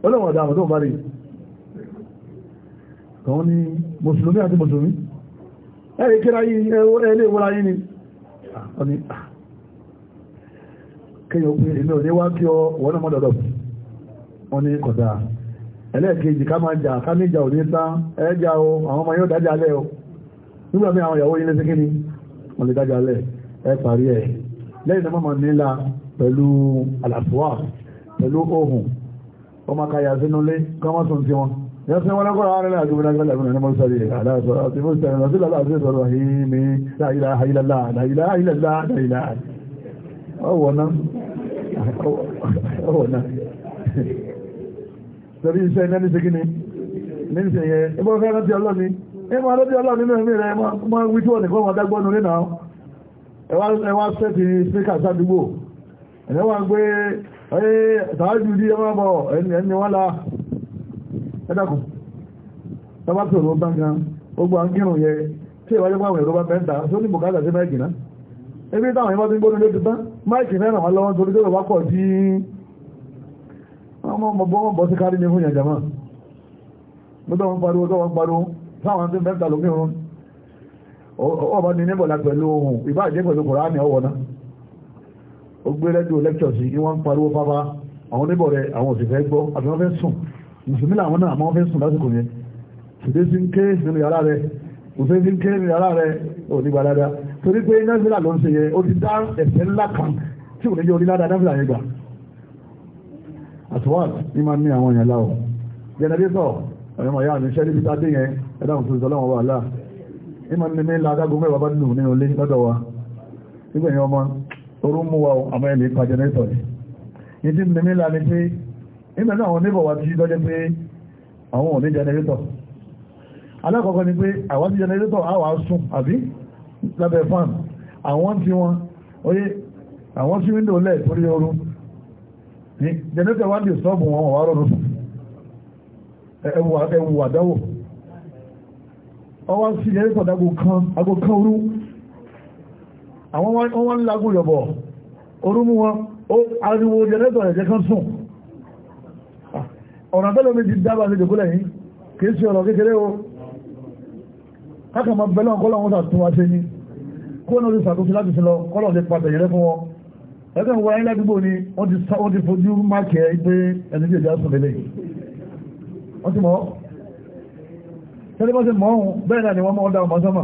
ọlọ́wọ̀n ọ̀dá àwọn tó bá rí kan ní mùsùlùmí àti mùsùlùmí ẹ̀rẹ́ kíra yí ẹlé ìwọ́ra yí ni ọni kíyàn pín ilé òní wá kí ọ wọ́n náà mọ́dọ̀dọ̀ wọ́n ní kọ̀dá ẹlẹ́ẹ̀kejì ká máa jà ká níjà òní tán ẹjà o àwọn ọmọ yóò dájà alẹ́ o nígbà mí àwọn ìyàwó yí lé sí kíni wọ́n lè dájà alẹ́ ẹ parí ẹ̀ lẹ́yìn náà mọ́ pẹ̀lú àlàfíwà pẹ̀lú ohun ọmọ kàyà sínú lé kọmọ́sùn tí wọn yẹ́ sí wọn lọ́kọ́rọ̀ ààrẹ láti wọ́n lágbàlá ìrìnà ní mọ́sàrí aláàsọ̀rọ̀ àti mọ́sàrí àti láàrín ìsọ̀rọ̀ àhìmí láìlá àìlàlá àìlàlá àìlàlá àìlàlá ọwọ̀ná ọwọ̀ná torí iṣẹ́ iná ní ṣekí ni ní ṣe yẹ ẹgbọ́ fẹ́ rántí ọlọ́ni ẹmọ alóbi ọlọ́ni náà mí rẹ mọ́ wíjú ọ̀nìkan wọn dágbọ́nù nínú ẹwà sẹ́ẹ̀tì spíkà sádúgbò ẹ̀yẹ́ wà ń gbé ṣàájú dí ẹwà bọ̀ ẹni wọ́n la ẹ́dàkùn tọ́bá tó ló bá gan gbogbo àǹkírùn yẹ tí ìwájú pàwọn ẹ̀rọ bá mẹ́ta tó ní bùkátà sí mẹ́ẹ̀kì náà ebi táwọn ẹ̀mọ́ ti ń gbóni ló ti tán máìkì fẹ́ràn wọn lọ́wọ́ torí tó bá pọ̀ sí ọmọ ọmọ bọ́ sí kárí ní fún yàn jàmá gbogbo wọn pariwo tó wọn pariwo táwọn ti mẹ́ta lókè wọn ọba ní níbọ̀lá pẹ̀lú ohun ìbáàjẹ́ pẹ̀lú kùránì ọwọ́ ó gbé rẹ́díò lẹ́kṣọ̀ sí kí wọ́n ń pariwo pápá àwọn oníbọ̀ rẹ̀ àwọn òṣìṣẹ́ gbọ́ àbí wọ́n fẹ́ sùn mùsùlùmí làwọn náà wọ́n fẹ́ sùn lásìkò yẹn ṣùgbẹ́ sí ń ké nínú yàrá rẹ̀ òṣèlú sí ń ké nínú yàrá rẹ̀ ò ní gbàdáda torí pé nọ́ọ̀sìlà ló ń ṣe yẹn ó ti dá ẹ̀sẹ̀ ńlá kan tí òun yẹ onílàdà nọ́ọ̀sìlà yẹn gbà àtúwàt ní máa ní àwọn èèyàn láwọ̀ jẹnẹrétọ̀ ẹ̀rọ mọ̀ yá mi ṣẹ́ níbi tádé yẹn ẹ̀dá òun tó ń sọlọ́wọ́ wà láà ní máa ní mi ń la adágún mẹ́wàá bá nù nínú ilé lọ́dọ̀ wa nígbẹ̀yìn ọmọ orú mú wa àmọ́ ẹ̀lẹ́ pa jẹ́nẹ́tọ̀ ni ìdí mímí la ni pé ìmẹ̀lú àwọn oníbọ̀ wa ti lọ́jẹ́ pé àwọn ò ní jẹ́nẹ́tọ̀ alákọ̀ọ́kọ́ ni pé àwọn ti jẹ́nẹ́tọ̀ á wà sùn àbí lábẹ́ fan àwọn tí wọn oyé àwọn sí wíńdò lẹ̀ torí oru ni jẹ́nẹ́tọ̀ wá di sọ́ọ̀bù wọn wà rọrùn sùn ẹwù àdáwò ọwọ́ sí jẹ́nẹ́tọ̀ dágò kan orú àwọn wọ́n lágún yọ̀bọ̀ orúmú wọn ó ariwo jẹ́lẹ́tọ̀ rẹ̀ jẹ́ kán sùn ah, ọ̀nà tẹ́lẹ̀ méjì dábà sí jòkúlẹ̀ yìí kìí sí ọ̀rọ̀ kékeré o kákàmọ́ bẹ́lẹ̀ ọ̀kọ́lọ̀ wọn sàtún wá sí ni kó náà ti sàtúnṣe láti sí lọ kọ́lọ̀ ti pàtẹ̀ yẹrẹ fún wọn ẹgbẹ́ ń wáyé ládùúgbò ni wọ́n ti fojú mákẹ́ pé ẹni tí ìjà sùn lélẹ̀ wọ́n ti mọ́ tẹ́lẹ̀ bá ti mọ́ ọ̀hún bẹ́ẹ̀ náà ni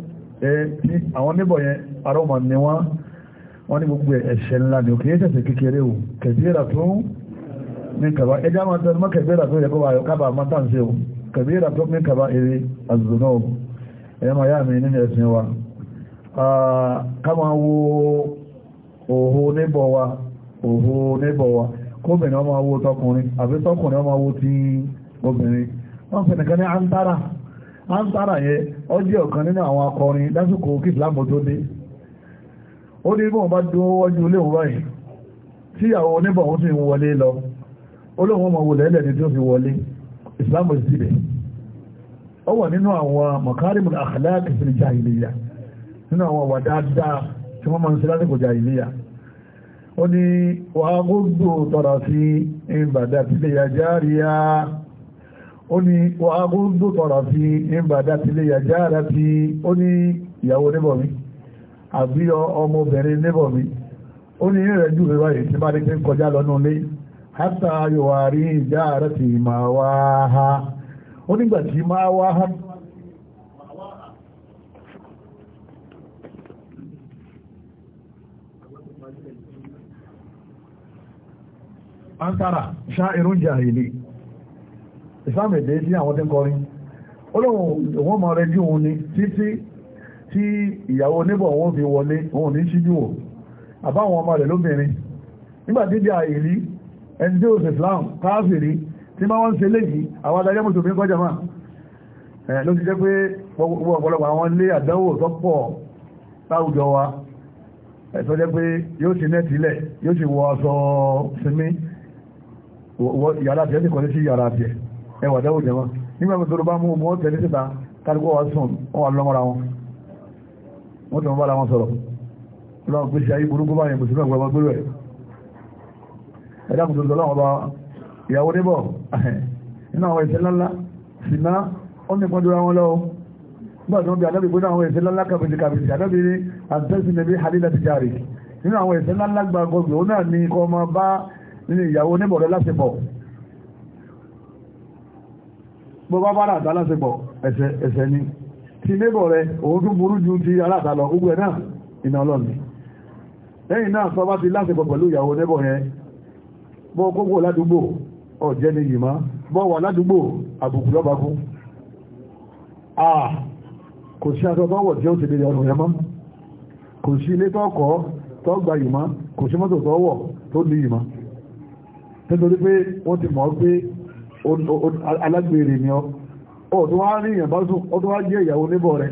tí àwọn níbọ̀ yẹn arọ́mà ní wọ́n ní gbogbo ẹ̀ṣẹ̀ ńlá òkè kékeré o kẹ̀bíra tó ní kàbá ẹjá máa tẹ́lú mọ́ kẹ̀bíra tó yẹ kábà máa tàn sí o kẹ̀bíra tó ní kàbá eré àzùnà o ẹ̀yẹ máa yá mi nínú ẹ̀sìn wa ká wo òhò níbọ̀ wa òhò níbọ̀ wa ó jẹ́ ọ̀kan nínú àwọn akọrin lásìkò kí ìsìlámù tó dé ó ní bọ́n bá dúró wọ́jú ilé òun báyìí tí àwọn oníbọ̀ òun sì ń wọlé lọ olóhùn ọmọ wò lẹ́lẹ̀ ní tí ó fi wọlé ìsìlámù sí ibẹ̀ ó wà nínú àwọn mọ̀kárìmù àkàlẹ́ kìsìlì ó ní agúndù tọ̀rọ̀ fi ìbàdá ti lè yàjá ara fi ó ní ìyàwó níbọ̀ mi àbí ọmọbìnrin níbọ̀ mi ó ní ìrẹ̀ jù rẹ̀ báyìí tí máa ti ń kọjá lọ́nà lé hátà yòwà rí ìjà ara ti máa wá ha ó nígbà tí máa wá ha Antara, irun jahili. ìsìláàmù èdè tí àwọn tí ń kọrin ó lóun òun mọ rẹ jú òun ni títí tí ìyàwó oníbọ̀ òun fi wọlé òun ní síjú wò àbáwọn ọmọ rẹ̀ lóbìnrin nígbà tí díà ìrí ẹni tí ó sì islam káàfìrí tí máa wọ́n ń ṣe léyìí àwọn adájọ́ mùsùlùmí kọjá máa ẹ̀ ló ti jẹ́ pé gbogbo ọ̀pọ̀lọpọ̀ àwọn ilé àdánwò tó pọ̀ láwùjọ wa ẹ̀tọ́ jẹ́ pé yóò ti nẹ́ẹ̀tì ilẹ̀ yóò ti wọ aṣọ sinmi ìyàrá tiẹ̀ ti kọ́lé sí ìyàrá tiẹ̀ ẹwà dáwò jẹmọ́ nígbà mi tọrọ bá mú mọ́ tẹ̀lé síta kálukú wa sùn wọn wà lọ́mọ́ra wọn wọ́n tẹ̀ wọ́n bá la wọn sọ̀rọ̀ lọ́wọ́ pé ṣe ayé burúkú báyìí kò sí fẹ́ gbọ́gbọ́ gbérò ẹ̀ ẹ̀dá kò sọ̀rọ̀ lọ́wọ́ bá ìyàwó débọ̀ <laughs> nínú àwọn ìṣẹ́ ńláńlá sì ná ó ní pọ́ndúra wọn lọ́wọ́ nígbà tí wọ́n bí adábì gbóná náà ní kọ́ ọmọ bá nínú ìyàwó oníbọ̀rọ̀ lásìkò bó bá bá ràdá lásìpọ̀ ni ti nébọ̀ rẹ òun tún burú ju ti aláta lọ gbogbo ẹ̀ náà iná ọlọ́ni lẹ́yìn náà sọ bá ti lásìpọ̀ pẹ̀lú ìyàwó nébọ̀ yẹn bọ́ kókó ládùúgbò ọ̀jẹ́ ni yìí má bọ́ wà ládùúgbò àbùkù lọ́ba kú kò sí aṣọ tó wọ̀ jẹ́ ó ti lè alágbèrè ni ọ ọ̀tọ́ wá rí ìyàn bá sùn ọ̀tọ́ wá jẹ́ ìyàwó níbọ̀ rẹ̀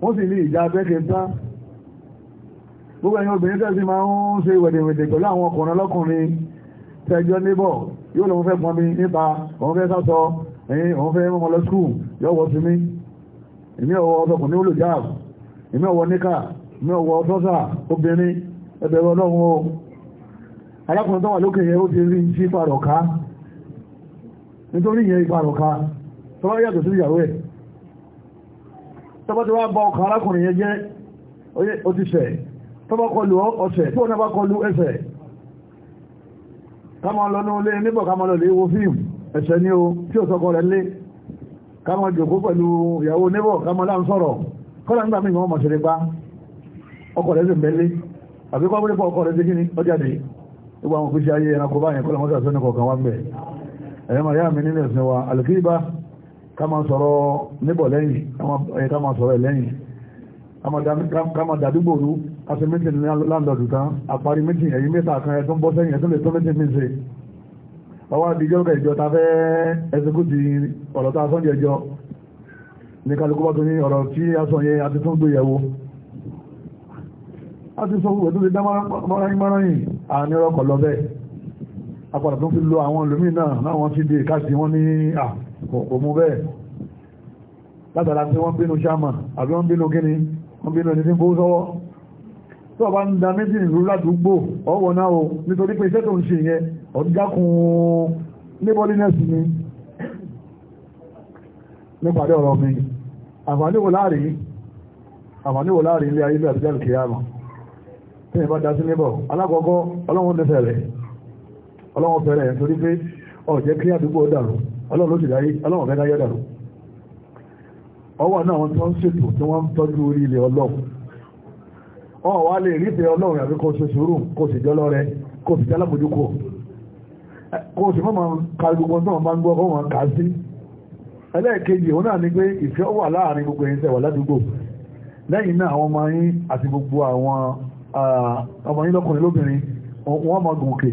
wọ́n sì ní ìjà abẹ́kẹ̀ ń tán gbogbo ẹ̀yìn obìnrin tẹ́sí máa ń ṣe wẹ̀dẹ̀wẹ̀dẹ̀ pẹ̀lú àwọn ọkùnrin ọlọ́kùnrin tẹ́jọ́ níbọ̀ yóò lòun fẹ́ pọnmi nípa òun fẹ́ sásọ ẹ̀yìn òun fẹ́ mọ́ lọ skúù yóò wọ́ sinmi èmi ọwọ́ ọsọkùnrin ó lò nítorí yẹn ipa àrùn ká tó bá yàtọ̀ sí ìyàwó ẹ̀ tọ́bọ́ tí wá bá ọkàn arákùnrin yẹn jẹ́ ó ti ṣẹ̀ tọ́bọ́ kọlu ọ̀sẹ̀ tí wọ́n náà bá kọlu ẹsẹ̀ káma lọ ní ilé níbọ̀ káma lọ lè fíìmù ẹ̀ṣẹ̀ ni o tí ò sọkọ rẹ̀ lé káma jòkó pẹ̀lú ìyàwó níbọ̀ káma láà ń sọ̀rọ̀ kọ́lá nígbà míì wọ́n ṣẹlẹ̀ pa ọkọ rẹ̀ sì mẹ́lé àbíkọ́ wípé ọkọ rẹ̀ sí kíní ọjà dé gbogbo àwọn òfin ṣe ayé ẹranko báyẹn kọ́lá mọ́sà sọ́nà kọ̀ọ̀kan wá ń bẹ̀ ẹ̀yẹ́ màá yá mi nílẹ̀ ẹ̀sìn wa àlùkíbà kama máa sọ̀rọ̀ níbọ̀ lẹ́yìn ká máa sọ̀rọ̀ lẹ́yìn ká máa dàdúgbò rú a ṣe mítìn láńlọ́dù kan àparí mítìn ẹ̀yìn mẹ́ta kan ẹ̀tún bọ́ sẹ́yìn ẹ̀tún lè tó mítìn mí ṣe ọwọ́ àdìjọ́ ìjọ ta fẹ́ ẹsẹ̀kútì ọ̀rọ̀ tá a sọ́njẹ́ jọ ní apàdà tó fi lo àwọn olómi náà láwọn ti dé káàkiri wọ́n ní àkókò bẹ́ẹ̀ látara tí wọ́n bínú sáàmà àbí wọ́n bínú kíni wọ́n bínú ẹni tí ń kó sọ́wọ́ tó bá ń da méjì ìlú ládùúgbò ọwọ́ náà o nítorí pé iṣẹ́ tó ń ṣe yẹn ọ̀dákùn nébọ́línẹ́s ni nípàdé ọ̀rọ̀ mi àǹfààní wò láàrin àǹfààní wò láàrin ọlọ́wọ́ fẹ́rẹ̀ ẹ̀ torí pé ọ̀jẹ́ kí àdúgbò dàrú ọlọ́wọ́ ló sì dáyé ọlọ́wọ́ fẹ́ dáyé dàrú ọwọ́ náà wọn tó ń ṣètò tí wọ́n ń tọ́jú orí ilẹ̀ ọlọ́run wọn wá lè rífẹ̀ẹ́ ọlọ́run àbí kó ṣe sùúrù kó sì jọ́ lọ́rẹ kó sì jálábòjú kò kó sì máa ka gbogbo náà máa ń gbọ́ kó máa kà á sí ẹlẹ́ẹ̀kejì òun náà ni pé ìfẹ́ wà láàrin gbogbo ẹ̀yin tẹ́ wà ládùúgbò lẹ́yìn náà àwọn ọmọ yín àti gbogbo àwọn ọmọ yín lọ́kùnrin lóbìnrin wọ́n máa gòkè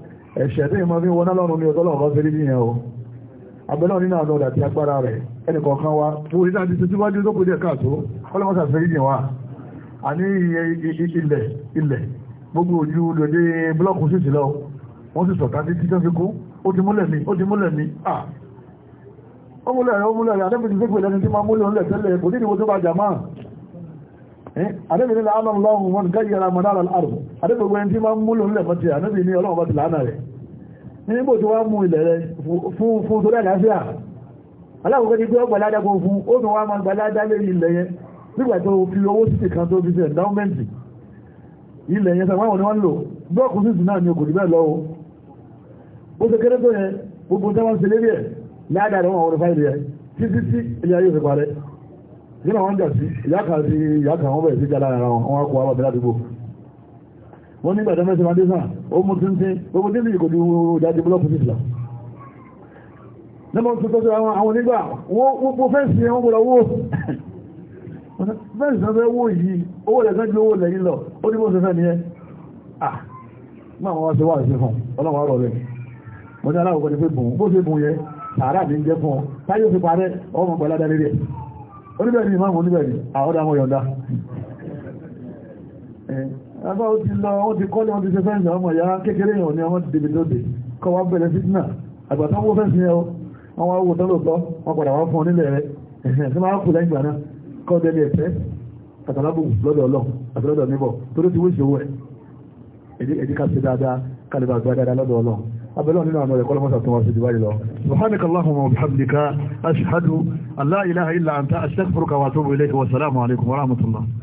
ẹ̀ṣẹ̀ tí ìmọ̀ fi wọ́n náà lọ́rùn ní ọ̀tọ́lọ̀ ọ̀rọ̀ fẹ́rí ní ẹ̀họ́ abẹ́lọ́ nínú àwọn ọ̀dà tí agbára rẹ̀ ẹnìkọ̀ọ̀kan wa fúrí náà ti ti síwájú tó kù díẹ̀ káàtó kọ́lọ́mọ́sà fẹ́rí ní wa a ní ilẹ̀ ilẹ̀ gbogbo ojú lòdì búlọ́ọ̀kù sì sí lọ wọ́n sì sọ̀tà títí tó fi kú ó ti múlẹ̀ àdébì nílẹ̀ alọ́lọ́run wọn gáyẹ̀rẹ̀ àmàdára àrùn àdébì wẹ́n tí máa ń múlò nílẹ̀ fọ́tí àdébì ní ọlọ́run bá ti lánà rẹ̀ nígbò tí wọ́n mú ilẹ̀ rẹ̀ fún torí àlàáfíà alákòókò ní pé ó gbàládá kó fún ó tún ana máa gbàládá lé ilẹ̀ yẹn nígbà tó fi owó sí kan tó fi ṣe ẹ̀dáwọ́mẹ́ǹtì ilẹ̀ yẹn sàwọn ni wọ́n lò blọ́ọ̀kù sísì náà ni o kò dì bẹ́ẹ̀ lọ o ó ṣe kéré tó yẹn gbogbo tí wọ́n nínú àwọn jà sí ìyáka sí ìyáka wọn bẹ̀rẹ̀ sí jára ara wọn wọn kó àwọn abẹ́lá dìbò wọ́n ní ìgbàdàn mẹ́sàn adé sàn ó mú tíntín gbogbo tí ìkò ju ìdájí búlọ́ọ̀pù sí ìsìlá nígbà tó tọ́jú àwọn onígbà wọ́n kó fẹ́ǹsì wọn gbọ́dọ̀ wó fẹ́ǹsì náà fẹ́ wó yìí owó rẹ̀ sẹ́jú owó lẹ́yìn lọ ó ní bó ṣe fẹ́ nìyẹn ah máa wá ṣe wá ṣe fún ọlọ́wọ́ rọ̀ rẹ̀ mo ní aláwọ̀ kan ní pé bùn bó ṣe bùn yẹ sàárà ní jẹ́ fún ọ táyé ó fi parẹ́ oníbẹ̀rí ìmáàmù oníbẹ̀rí àwọ́dá ah, mọ́ yọ̀dá eh, ẹgbẹ́ ó ti lọ wọ́n ti kọ́lẹ̀ wọ́n ti ṣe fẹ́ǹsì ọmọ ìyá kékeré yàn ní ọmọ ti dèbè lóde kọ́ wá bẹ̀rẹ̀ fitna àgbàtà wó fẹ́ǹsì yẹn wọ́n wá wò tọ́lọ́tọ́ wọ́n padà wá fún ọ nílẹ̀ rẹ̀ ẹ̀sẹ̀ máa kù lẹ́yìn gbàná kọ́ dẹni ẹ̀fẹ́ kàtàlábù lọ́dọ̀ ọlọ́ àti abẹ́lọ́ nínú àwọn ẹ̀kọ́ lọ́mọ́sà tó wá sí ìdíwáyé lọ subhanaka allahumma wa bihamdika ashhadu an la ilaha illa anta astaghfiruka wa atubu ilayk wa assalamu alaykum wa rahmatullah